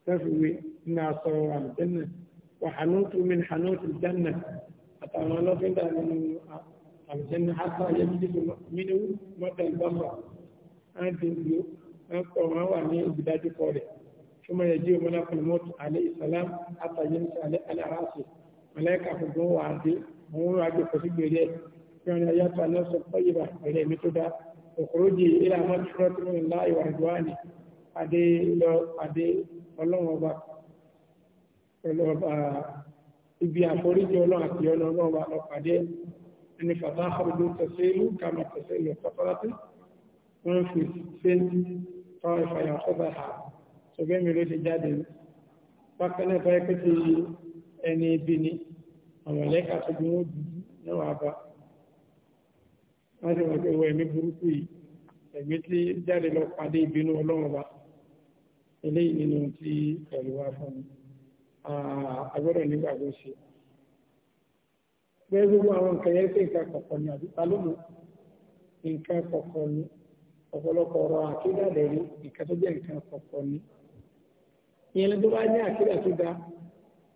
تفوي ناصر الجنة وحنوت من حنوت الجنة أتعلم الله فينا من الجنة حتى يجد منه مدى البصر àdìgbò wọn pọ̀ wọn wà ní olùdájú kọ rẹ̀ ṣọmọ rẹ̀ jí omi náà mọ́tò alẹ́ ìsàlám àtàyé ní alẹ́ aláraṣẹ mọ̀lẹ́kà gbogbo wà á dé àwọn ohun pẹ̀lú gbèrè kí wọn yàtọ̀ aláṣọ pọ́yìbà pẹ̀lú ẹ̀mí tó dá òkúrò jì ilé àwọn tíwọ́ tí wọn láàyò àdúrà adé lọ adé ọlọ́wọ́n ọba ibi àforíjì ọlọ́run àti ọlọ́run ọba wọ́n fi ṣe tọ́ ìfàyàn ọba ha ṣùgbọ́n mi ló ti jáde bákan náà báyìí pé ti ẹni ibi ni àwọn ẹlẹ́ka tó bí wọ́n dùn náà wà bá wọ́n sì wọ́n pé wọ́n ẹ̀mí burúkú yìí ẹ̀mí tí jáde lọ pàdé ìbínú ọlọ́run ọba eléyìí nínú tí ẹ̀rù wá fún mi agbọ́dọ̀ nígbàgbọ́ ṣe bẹ́ẹ̀ gbogbo àwọn nǹkan yẹn pé ni ọ̀pọ̀lọpọ̀ ọ̀rọ̀ àkídà lẹ́yìn nǹkan tó jẹ́ nǹkan kọ̀ọ̀kan ni ìyẹn ló bá ní àkídà tó ga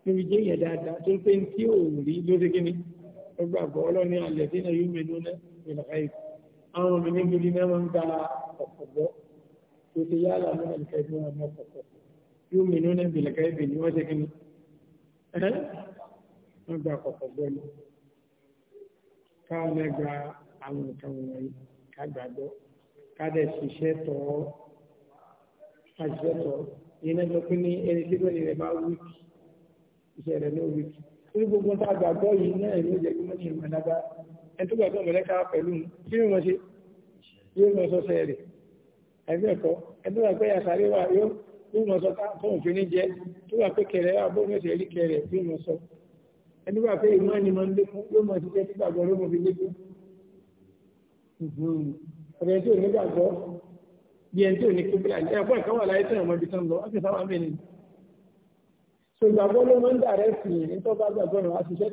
níbi jẹ́ ìyẹn dáadáa tó ń pé tí ò rí lórí kíní ó gbàgbọ́ ọlọ́ni alẹ́ tí náà yóò mẹ́nu náà ìlàkà yìí àwọn ọmọ mi níbi náà máa ń gba ọ̀pọ̀ gbọ́ tó ti yálà ní àlùkà ìbí wọn ní ọ̀pọ̀ yóò mẹ́nu náà ìlàkà ìbí ni wọ́n ṣe wọ́n gba ọ̀pọ̀ gbọ́ ni káwọn kádẹ ṣiṣẹ́ tọ àṣìṣe tọ yìí náà lọ pé ní ẹni tí lónìí rẹ bá wíìkì iṣẹ́ rẹ ní wíìkì ní gbogbo tá a gbàgbọ́ yìí náà ní ìjẹ kí wọn ní ìmọ̀ lágbá ẹni tó gbàgbọ́ mọlẹka pẹ̀lú kí ni wọn ṣe yóò mọ sọsẹ rẹ àbí ẹ̀kọ́ ẹni tó gbàgbọ́ yàtàrí wa yóò yóò mọ sọ fóun fi ní jẹ tó wà pé kẹrẹ wa bóun ẹsẹ rí kẹrẹ yóò mọ sọ ẹni wà pé ìmọ̀ ẹni máa ń lékún yóò mọ ṣiṣẹ́ tí gbàgbọ́ ló fi lékún. ọ̀dẹ̀ tí ò gbàgbọ́ bí ẹni tí ò ní kíbílà ní ẹ̀kọ́ ẹ̀kọ́ wà láyé tí ọmọ ibi tán lọ wọ́n sì sábà ń bẹ̀rẹ̀ ìgbàgbọ́ ló máa ń dàrẹ́ sí i gbàgbọ́ náà wá ṣiṣẹ́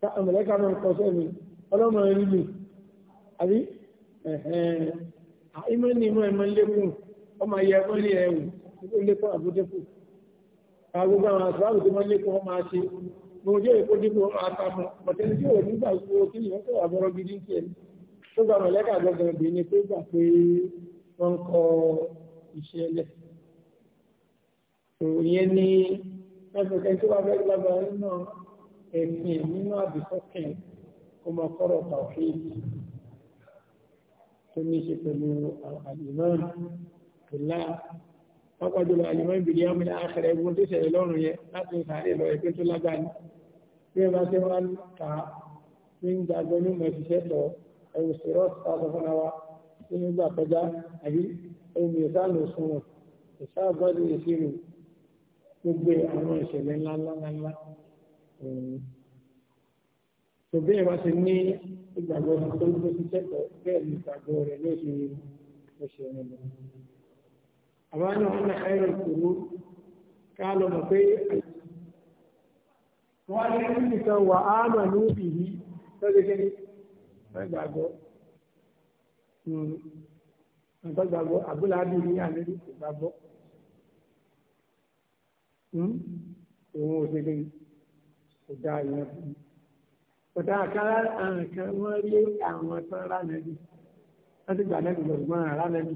tọ́ máa ń ọlọ́mọ àbí ìmọ̀ ìmọ̀ ẹ̀mọ́ lékún ọmọ ní ẹ̀wù lékún gbogbo àwọn tó gba mọ̀lẹ́kà gbọ́dọ̀ bí ni pé gbà pé wọ́n ń kọ iṣẹ́ lẹ̀. ìyẹn ni ẹgbẹ̀kẹ́ tó bá fẹ́ gbàgbà nínú ẹ̀mí nínú àbísọ́kẹ̀ kó máa kọ́rọ̀ tàwíìdì tó ní ṣe pẹ̀lú àlìmọ́n ìlà pápájọlọ àlìmọ́n ìbìlẹ̀ ọmọ ilẹ̀ àkẹrẹ ẹgbẹ́ tó ṣẹlẹ̀ lọ́rùn yẹ láti ìsàárẹ̀ lọ ẹgbẹ́ tó lágbàá ní bí ẹ bá ṣe wá ń ta ní gbàgbọ́ nínú ẹ̀ṣiṣẹ́ lọ́wọ́ ẹ̀yìn sọ̀rọ̀ sáàtọ̀ fún wa tí ní gbà kọjá àbí ẹ̀yìn ìsáàlù sùn wọn ìsáàbọ̀dì ìṣirò gbogbo àwọn ìṣẹ̀lẹ̀ ńláńláńlá tó bẹ́ẹ̀ bá ti ní ìgbàgbọ́ tó ń gbé sí tẹ́tọ̀ bẹ́ẹ̀ ní ìgbàgbọ́ rẹ̀ ló ṣe ló ṣe rìn lọ. àmọ́ ní wọn náà ẹ̀rọ ìṣòro ká lọ mọ̀ pé wọ́n á ní nǹkan wà á mọ̀ ní òbí yìí lọ́dẹ̀kẹ́ni gbàgbọ́ nǹkan hmm. gbàgbọ́ àbúláàbí ní àmì gbàgbọ́ hmm. òun ò ṣeré kò dá ìyẹn fún mi kòtà àkàrà àwọn kan wọ́n rí àwọn tó ń ránàbí wọ́n ti gbà nẹ́bí lọ́gbọ́n ránàbí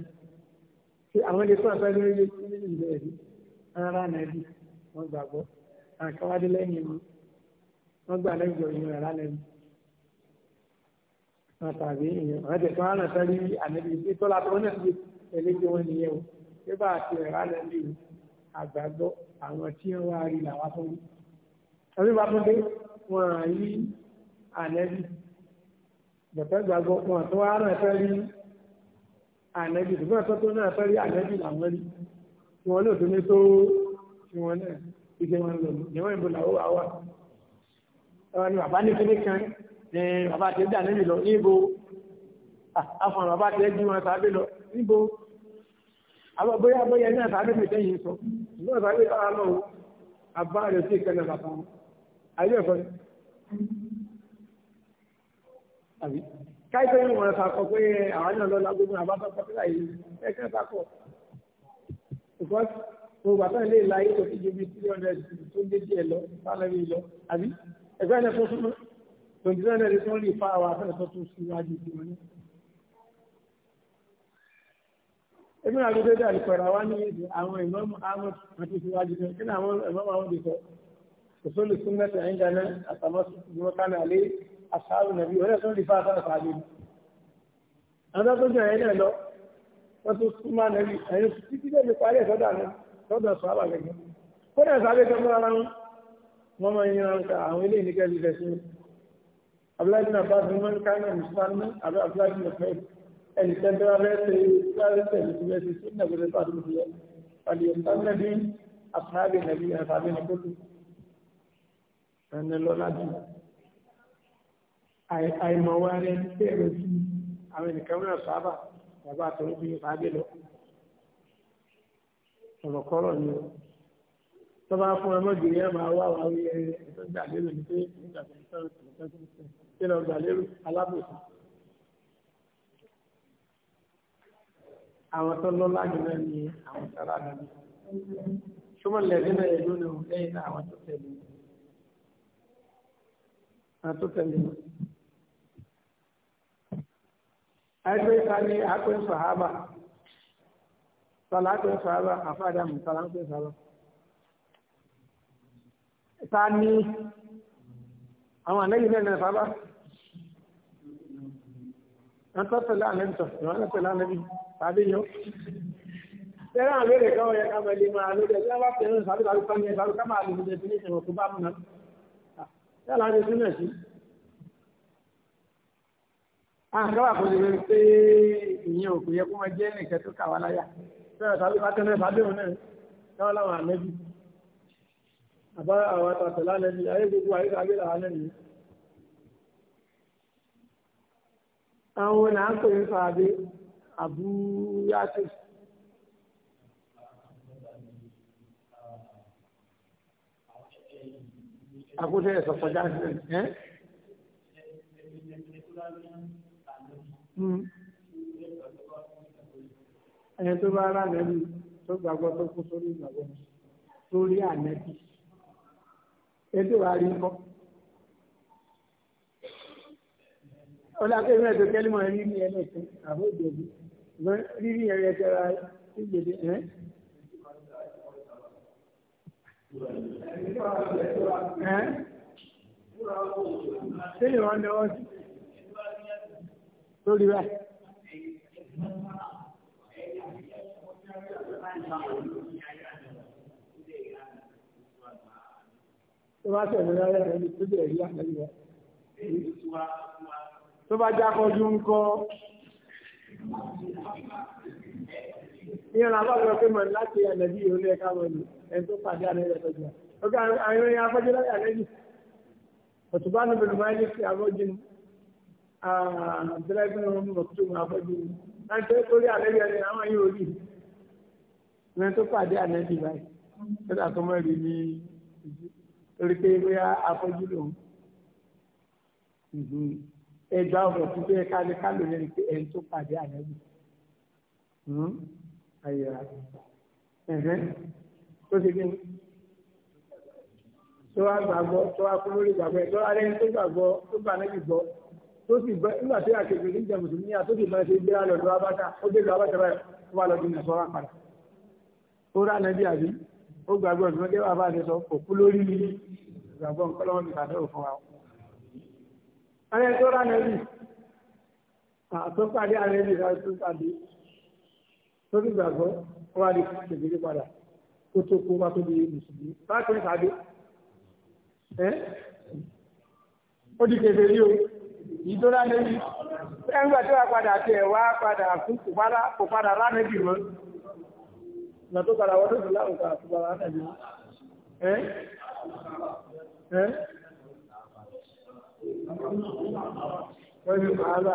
tí àwọn ilé fún àpẹẹrẹ lórí ilé ìlú ẹ̀rí ń ránàbí wọ́n gbàgbọ́ àkàwádé lẹ́yìn wọn wọ́n gbà nẹ́bí lọ́gbọ́n ránàbí wọn tàbí èèyàn wọn tẹ̀sán wọn náà sọ́rí ànábi ìgbé tọ́lá tó wọn náà ti tẹ̀lé tí wọ́n nìyẹn o pé bá a ti rẹ̀ rálẹ̀ bí o àgbàgbọ́ àwọn tí wọ́n wá rí làwọn tó rí. àbí wàá tó dé wọn à rí ànábi bọ̀tẹ́ gbàgbọ́ wọn tó wá náà fẹ́ rí ànábi ṣùgbọ́n tó tó náà fẹ́ rí ànábi làwọn rí wọn lò tó ní tó tí wọn náà ìgbé wọn lò ní wọn ìbò làwọn wà wà. ọ ní bàbá tẹ́ dà níbi lọ níbo afọ̀n bàbá tẹ́ jí wọn sàábé lọ níbo bóyá bóyá ní àsàábé mi tẹ́yìn sọ ní àsàábé lára lọ àbá rẹ̀ sí ìkẹ́nà bàbá wọn àyè ẹ̀kọ́ ni káyipẹ́ yẹn wọn sàkọ pé àwọn náà lọ lágbó náà bàbá sọ pé láyé ẹ̀kẹ́ sàkọ because gbogbo àtàwọn ilé ìlà ayé tó ti ju bí three hundred tó dé díẹ̀ lọ sálẹ̀ mi lọ àbí ẹgbẹ́ ẹ̀ tòǹtì náà lẹ́rìí tí wọ́n lè fa àwọn afẹ́rẹ́ tó tún síwájú sí wọn ní. ebi náà lóde dà lùpẹ̀rẹ̀ àwa ní àwọn ìmọ̀mù ahmed àti síwájú náà kí ni àwọn ìmọ̀mù àwọn lè sọ òṣò lè fún mẹ́ta ẹ̀ ń dáná àtàmọ́ ìmọ̀ kánà lé asáàbù nàbí ọ̀rẹ́ tó lè fa afẹ́rẹ́ fàájì ni. àwọn tó jẹ́ ẹ̀yìn náà lọ wọ́n tún súnmọ́ nàbí ẹ̀yìn títí lè parí ẹ̀ sọ́dọ̀ àná sọ́dọ̀ sọ́ àbàgẹ́gẹ́ abúláyé náà bá ni mọ́nká náà mùsùlùmí àbí abúláyé náà fẹ́ ẹni tẹ́tẹ́ wá bẹ́ẹ̀ ṣe sáré tẹ̀lé ti bẹ́ẹ̀ ṣe sí ìnàgbẹ́sẹ̀ tó àdúgbò yẹ àdìyẹ sáńdẹ̀ bí àfáàbì nàbí àfáàbì nàbí tó ẹni lọ́la jù àìmọ̀ wa rẹ̀ tẹ̀ rẹ̀ sí àwọn ènìkan náà sábà bàbá àtọ̀rọ̀ bí fàábì lọ ọ̀rọ̀kọ́rọ̀ ni o tọ́ba fún ọmọ yẹn máa wá wàá wí ẹ̀ ẹ̀ tó gbà lérò ní pé nígbà tó ń sọ̀rọ̀ tó ń sọ̀rọ̀ kí lọ gbà lérò alábòsí. àwọn tó lọ́lá jùlọ ní àwọn tó rà nàbí. ṣùgbọ́n lẹ́yìn náà èlò ni òun lẹ́yìn náà àwọn tó tẹ̀lé. àwọn tó tẹ̀lé. àìpé ta ni àpé sàhábà sàlá àpé àfáàdà mú sàlá àpé ta ni àwọn àlejò náà nà sábà wọ́n tọ́ pẹ̀lú àlẹ́bí tọ̀ wọ́n tọ́ pẹ̀lú àlẹ́bí tàbí yọ. Tẹ́lá àbẹ̀rẹ̀ kan yẹ ká mẹ́lẹ̀ máa ló dẹ̀ tẹ́lá bá tẹ̀lé sàbí tàbí kan yẹ tàbí ká máa lò lóde fi ní ìṣẹ̀wọ̀n tó bá mú náà. Tẹ́lá àbẹ̀ tún náà sí. Àǹkárà kò lè rí pé ìyẹn òkú yẹ kó máa jẹ́ nìkẹ́ tó kà wá láyà. Tẹ́lá tàbí bá tẹ́lẹ̀ bá dẹ̀wọ̀n náà káwọn láwọn àlẹ́bí. Àbá àwọn àtàtà lálẹ́bí ayé gbogbo ayé àwọn là ń pè ní fàábí àbúyásì. àkútẹ ẹsọ kọjá ẹ. Hmm. ẹni tó bá rà lẹ́nu tó gbàgbọ́ tó kú sórí ìgbàgbọ́ sórí ànẹ́bí. ètò àríkọ́. ọlákẹ́ ìwé ẹ̀dọ̀ kẹ́límọ̀ rírí ẹlẹ́kẹ́ àbójẹ̀bí rírí ẹ̀rẹ́ tẹ́ra ìgbèdè ẹ̀. Tẹ́lẹ̀ wọn lọ́wọ́ sí lórí rẹ̀. Tó bá sọ̀rọ̀ rẹ̀ ní tó bẹ̀rẹ̀ rẹ̀ tó bá jákọjú ń kọ́ ìyẹn àbábọ̀ pé mọ̀ láti ẹ̀lẹ́bí ìrọ̀lẹ́ ẹ̀ka wọn ni ẹni tó pàdé àlẹ́rẹ̀ tọ́jú ọgá àwọn èèyàn afọ́jú láyé àlẹ́bí ọ̀tùbá ní bẹ̀rù máa ń lé sí afọ́jú ni àbẹ́lẹ́bí ni wọ́n mú ọ̀tún mú afọ́jú ni láti tó torí àlẹ́bí ẹni àwọn yìí ò rí ẹni tó pàdé àlẹ́bí báyìí nígbà tó mọ̀ rí ní torí pé bóyá afọ́jú lòun ẹgbà ọ̀rọ̀ tó bẹ́ẹ̀ kálí kálí rẹ̀ ní ẹni tó pàdé ànábì. Àyẹ̀rà hmm? tó ṣe kí ni tó wá gbàgbọ́ tó wá kú lórí gbàgbọ́ ẹ̀ tó wá lẹ́yìn tó gbàgbọ́ tó gbà náà gbìgbọ́ tó sì bẹ́ nígbà tí àkejì ní ìjà mùsùlùmí àti òsì máa ṣe gbéra lọ lọ abáta ó dé lọ abáta báyìí ó wà lọ dínà sọ́ra padà. Ó rà náà bí àbí ó gbàgbọ́ ìgbọ́n kí wàá sọ kò kú lórí gbàgbọ́ nǹkan lọ́wọ́ ẹni tó rà nẹ́bì àtúnpàdé àrẹ́bì àtúnpàdé lórí ìgbàgbọ́ wà ní kékeré padà kó tó kó wá tó di mùsùlùmí láti ń pàdé ẹ́ ó di kékeré o yìí tó rà nẹ́bì ẹgbẹ́ tó wà padà tí ẹ̀ wá padà fún kò padà rà nẹ́bì mọ́ ìgbà tó padà wọ́n tó fi láwùjọ àtúbọ̀ rà nẹ́bì mọ́ ẹ́ ẹ́ wọ́n ní fàábà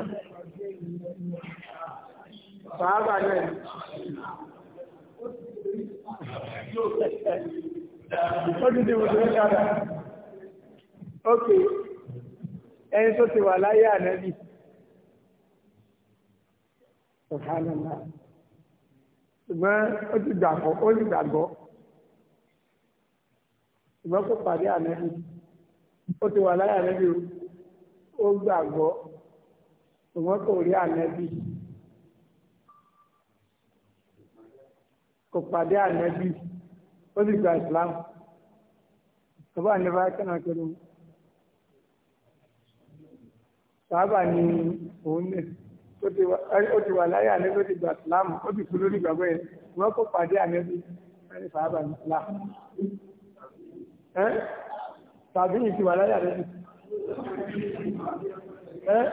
fàábà náà ó ti di mùsùlùmí padà ok ẹni tó ti wà láyé ànábì ọ̀hánàlá ṣùgbọ́n ó ti gbàgbọ́ ó ti gbàgbọ́ ṣùgbọ́n kò pàdé ànábì ó ti wà láyé ànábì o. ó gbàgbọ́ ṣùgbọ́n kò rí ànábì kò pàdé ànábì ó sì gba ìsìlámù bàbá ní bá kẹ́nà kẹ́lú sábà ní òun nẹ̀ ó ti wà láyé ànábì ó ti gba ìsìlámù ó ti kú lórí ìgbàgbọ́ yẹn kò ẹ́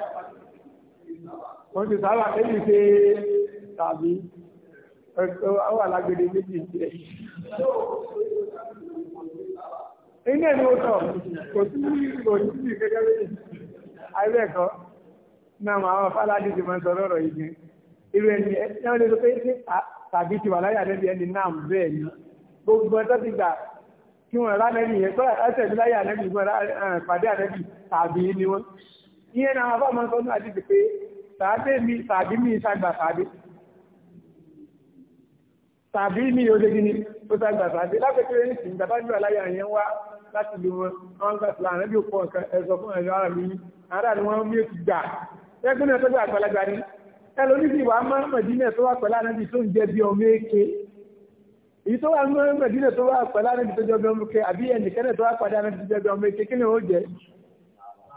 wọ́n ti sábà ṣe tàbí ọwọ́ alágbèdè méjì ìjẹ́ inú ẹni ó sọ kò sí kò gẹ́gẹ́ bí àìbẹ́ẹ̀kọ́ náà màá wọn fáládì ti máa sọ lọ́rọ̀ yìí irú ẹni ẹ̀ náà lè sọ pé tàbí ti wà láyà lẹ́bi ẹni kí wọ́n rá nẹ́bì yẹn tó ẹsẹ̀ bí láyé ànẹ́bì gbọ́n pàdé ànẹ́bì tàbí ni wọ́n ìyẹn náà bá máa ń sọ ní àdìsí pé tàbí mi tàbí mi ìṣàgbà tàbí tàbí mi ò lè gini ó ṣàgbà tàbí lápẹ̀kẹ́rẹ́ ní sìn bàbá jù aláyà yẹn wá láti lu wọn wọn gbà sílá ànẹ́bì ò pọ̀ nǹkan ẹ̀sọ́ fún ẹ̀yọ́ ara mi ara ni wọ́n mú ètò gbà ẹgbẹ́ náà tó gbà àgbàlagbà ni ẹlòmíì sì wà á má èyí tó wà ní mẹ́dínà tó wà pẹ̀lú àwọn ìdíjọ́ bí ọmọ kẹ àbí ẹnìkẹ́nẹ̀ tó wà pàdé àwọn ìdíjọ́ bí ọmọ kẹ kí ni ó jẹ́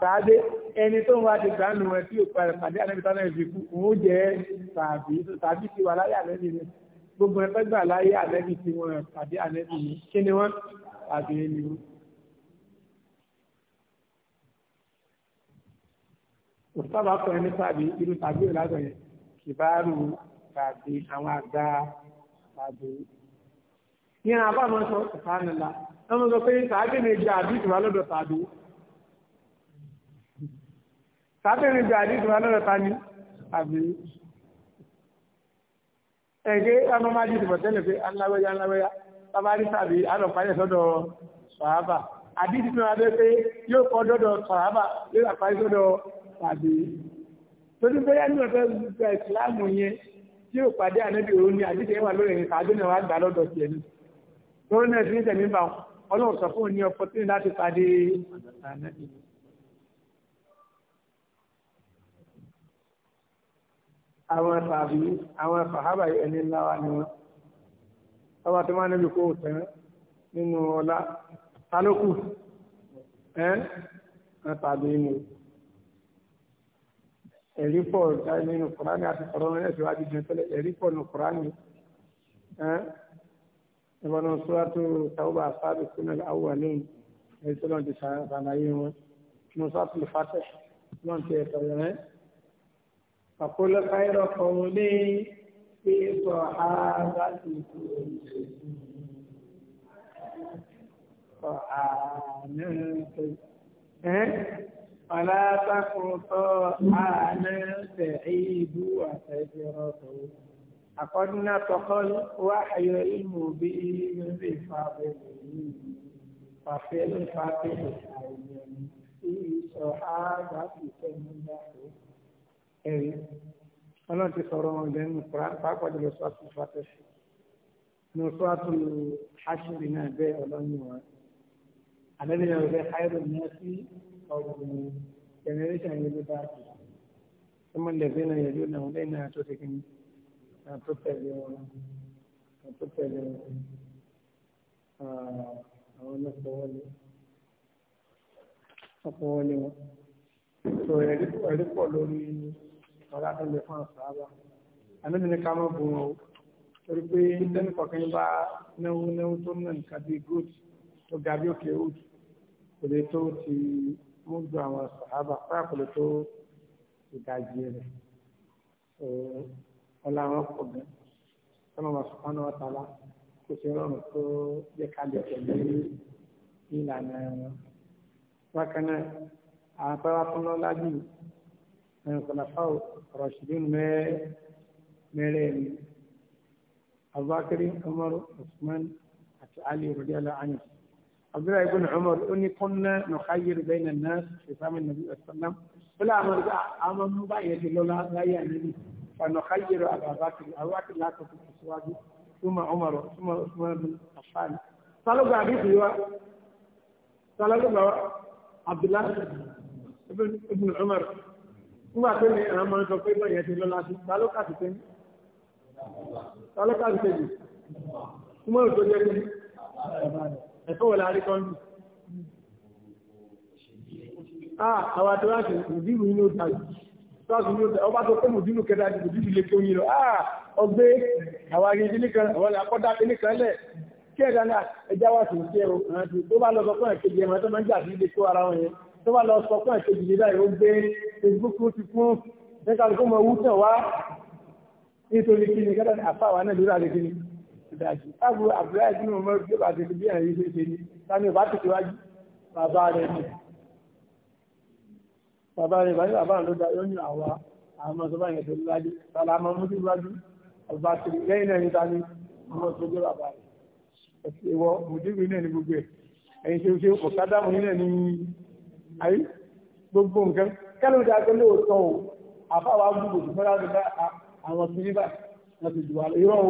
sàádé ẹni tó wà ti gbà nù wọn tí ó pàdé àwọn ìdíjọ́ náà fi kú ó jẹ́ sàbí sàbí ti wà láyé àlẹ́ nìyẹn gbogbo ẹgbẹ́ gbà láyé àlẹ́ bí ti wọn pàdé àlẹ́ nìyẹn kí ni wọ́n pàdé ẹni wọn. òṣùpá kọ́ ẹni ní àbá máa sọ ìfànàlá ọmọ sọ pé sàábì ní ìjà àdìsí wa lọ́dọ̀ tàdó sàábì ní ìjà àdìsí wa lọ́dọ̀ tani àbí ẹ̀gẹ́ ọmọ máa dìtì bọ̀ tẹ́lẹ̀ pé aláwẹ́yà aláwẹ́yà bàbá rí sàbí alọ̀páyẹ̀ sọ́dọ̀ sàábà àdìsí tó wà pé yóò kọ́ dọ́dọ̀ sàábà yóò àpáyẹ̀ sọ́dọ̀ sàbí torí bóyá ní ọ̀fẹ́ ìsìlámù yẹn tí ò pàdé ànábì òun ni àdìsí lọ́dọ̀ tiẹ̀ ni tó ní ẹ̀sìn ní tẹ̀mí bá ọlọ́run sọ fún ní opportunity láti pàdé ànábì. àwọn tàbí àwọn sàhábà ẹni ńlá wa ni wọn ọba tó máa níbi kó tẹ̀ nínú ọlá tálókù ẹ́ tàbí inú ẹ̀rí pọ̀ nínú kùránì àti ọ̀rọ̀ ẹ̀sìn wájú jẹ́ tẹ́lẹ̀ ẹ̀rí pọ̀ nínú kùránì ẹ́. ومن صورت توبة أصحابك من الأولين حيث لون تسانايين مصاف الفاتح لون تيتوين فقل خير قولي في صحابة ولا تقل صحابة عيد وتجرى صوتي لقد نطق الوحي العلم به من بفاضله ففي الفتح العين في صحابة تمدح ẹ̀rí ọlọ́run ti sọ̀rọ̀ wọn lẹ́nu pàápàá jùlọ sọ́ọ̀tù fàtẹ́sì ní sọ́ọ̀tù aṣírí náà bẹ́ẹ̀ ọlọ́run wọn àbẹ́bí ni bẹ́ẹ̀ káírò ní sí ọ̀gbìn generation yẹn ló bá tó ọmọ lẹ́gbẹ́ náà yẹn ló tó tẹ̀lé wọn tó tẹ̀lé wọn àwọn ọlọ́pọ̀wọlé ọpọ̀wọlé wọn tó ẹ̀rí pọ̀ lórí ọlátọ́lẹ̀ fún àṣàbà àníbi ní ká mọ́ bù wọn o torí pé tẹ́nìkọ̀kan bá náwó náwó tó náà nǹkan bíi gold tó ga bí òkè old kò lè tó ti mú ju àwọn àṣàbà kó àkọlẹ̀ tó ìdajì rẹ̀. ọlá wọn pọ̀ gan sọ́nà wà sọ́nà wà tààlà kò sí rọrùn tó yẹ ká lè tẹ̀lé ìlànà wọn. bákan náà àwọn pẹ́ wá fún lọ́lá jù ẹ̀yìn kọ̀láfà ọ̀rọ̀ ṣìdún mẹ́rẹ̀ẹ̀rin abubakar umaru usman àti ali rọ̀díàlá anhu. abdullahi ibn umar ó ní kọ́nà nùkáyìr bẹ́ẹ̀ nà náà ṣèṣàmì nàbí ọ̀sán náà. ó láwọn ọmọ báyẹn ti lọ́lá láyé àná nìyí. ọ̀nà káyẹ̀rọ àbàbákì àwákì látọ̀ tó tẹ̀síwájú túmọ̀ ọmọrọ̀ túmọ̀ Usman bin Affan sálọ́gbà àdìsí wa sálọ́gbà Abdullah ibn Umar nígbà tó ní àwọn ọmọ nǹkan pé bọ́ọ̀yẹ ti lọ́la sí sálọ́kà ti tẹ́ sálọ́kà ti tẹ́ jù túmọ̀ òtó jẹ́ pé ẹ̀fọ́ wọlé àríkọ́ńdù àwọn àtúrásì sáàsùn ní ọba tó pé mùdínú kẹta àti mùdínú lè kí oyin lọ àà ah, ọgbẹ́ àwọn arìnrìn nìkan wọ́n akọ́dá pé nìkan lẹ̀ kí ẹ̀dá náà ẹjá wà sí ìṣe ẹ̀rọ ìrántí tó bá lọ sọ fún ẹ̀kejì ẹ̀mọ́ tó máa ń jà sí ilé kó ara wọn yẹn tó bá lọ sọ fún ẹ̀kejì yìí báyìí ó gbé Facebook ó ti fún nípa kó mọ owó tàn wá nítorí kí ni kẹta àfa wa náà lórí àdékìní ìdájú táàbù àbúrò àìsínú mọ́ bí ó bá ti fi bí ẹ̀rín bàbá rẹ̀ báyìí bàbá ló dá yóò ní àwa àmọ́ tó bá yẹn tó lájú tààlà àmọ́ mú sí lájú ọba tó lẹ́yìn náà níta ní ọmọ tó jẹ́ bàbá rẹ̀ ìwọ mùdíwì náà ní gbogbo ẹ̀ ẹ̀yìn ṣe ṣe ọ̀kadà mú nílẹ̀ ní ayé gbogbo nǹkan kẹ́lẹ́ ìdá tó lóòótọ́ o àfáwà gbogbo ìfọ́lá ti bá àwọn kiri báyìí o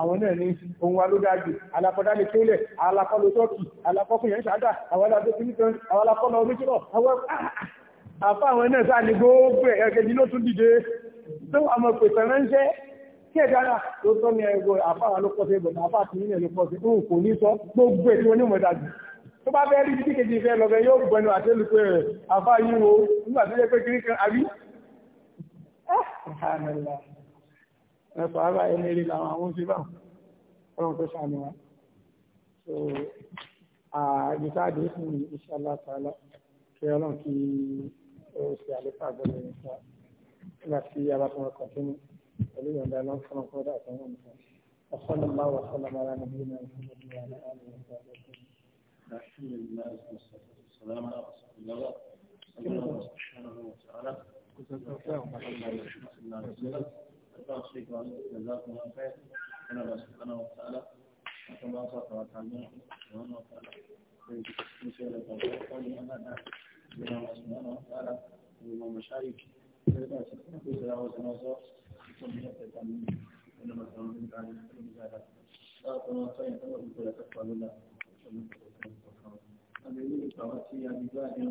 àwọn náà ní ohun wa ló dájú alakọ̀dá lè tó lẹ̀ alakọ̀ lè tọ́kì alakọ̀ fún yẹn ṣáájà àwọn alakọ̀ lọ omi àfá àwọn ẹ̀nà sáà ní gbogbo ẹ̀kẹ́jì ló tún dìde tó wà mọ̀ pèsè ránṣẹ́ kí ẹ̀dára tó tọ́ ní ẹgbẹ́ àfá àwọn ló pọ̀sẹ̀ ìbọn àfá àti nílẹ̀ ló pọ̀sẹ̀ òun kò ní sọ gbogbo ètò onímọ̀ dájú tó bá fẹ́ rí bí kéjì fẹ́ lọ bẹ yóò gbẹnu àtẹlùpẹ́ rẹ̀ àfá yìí wo nígbà tó yẹ pé kiri kan àbí. Ah, ẹ̀fọ́ ara ẹni rí làwọn àwọn ṣe báwọn ọlọ́run tó ṣàmì wa àgbẹ̀sáàdì fún ìṣàlá tààlà kí ọlọ́run kí ó ṣe àlékún àgbọ̀dọ̀ nípa nígbà tí a bá tún wọn kọ̀tínú pẹ̀lú ìyọ̀ǹda lọ́n fún ọkọ̀ ọ̀dà àtàwọn nǹkan وصلى الله وسلم على نبينا محمد وعلى اله وصحبه اجمعين. الحمد لله والصلاه والسلام على رسول الله الله سبحانه وتعالى كنت أتوقعهم على الله رحمة الله وسلم أتوقع شيء وعلى جزاكم الله خير أنا الله سبحانه وتعالى أتوقع الله وتعالى وأنا وتعالى إن شاء الله تعالى Allah subhanahu wa ta'ala gbogbo mọ̀ṣáríkì lẹ́gbẹ̀ẹ́ àti ìpínlẹ̀ ìṣẹ́lá ọ̀sán ọ̀sán ìfọ̀mí ẹ̀ẹ́ta ní ọ̀nà mọ̀ṣáríkì ní ìdájọ́ ìdájọ́ láàpọ̀ wọn sọ́yìn tó wọ́n ti bẹ̀rẹ̀ tẹ́kọ̀ọ́ lọ́la ọ̀sán ọ̀sán ọ̀sán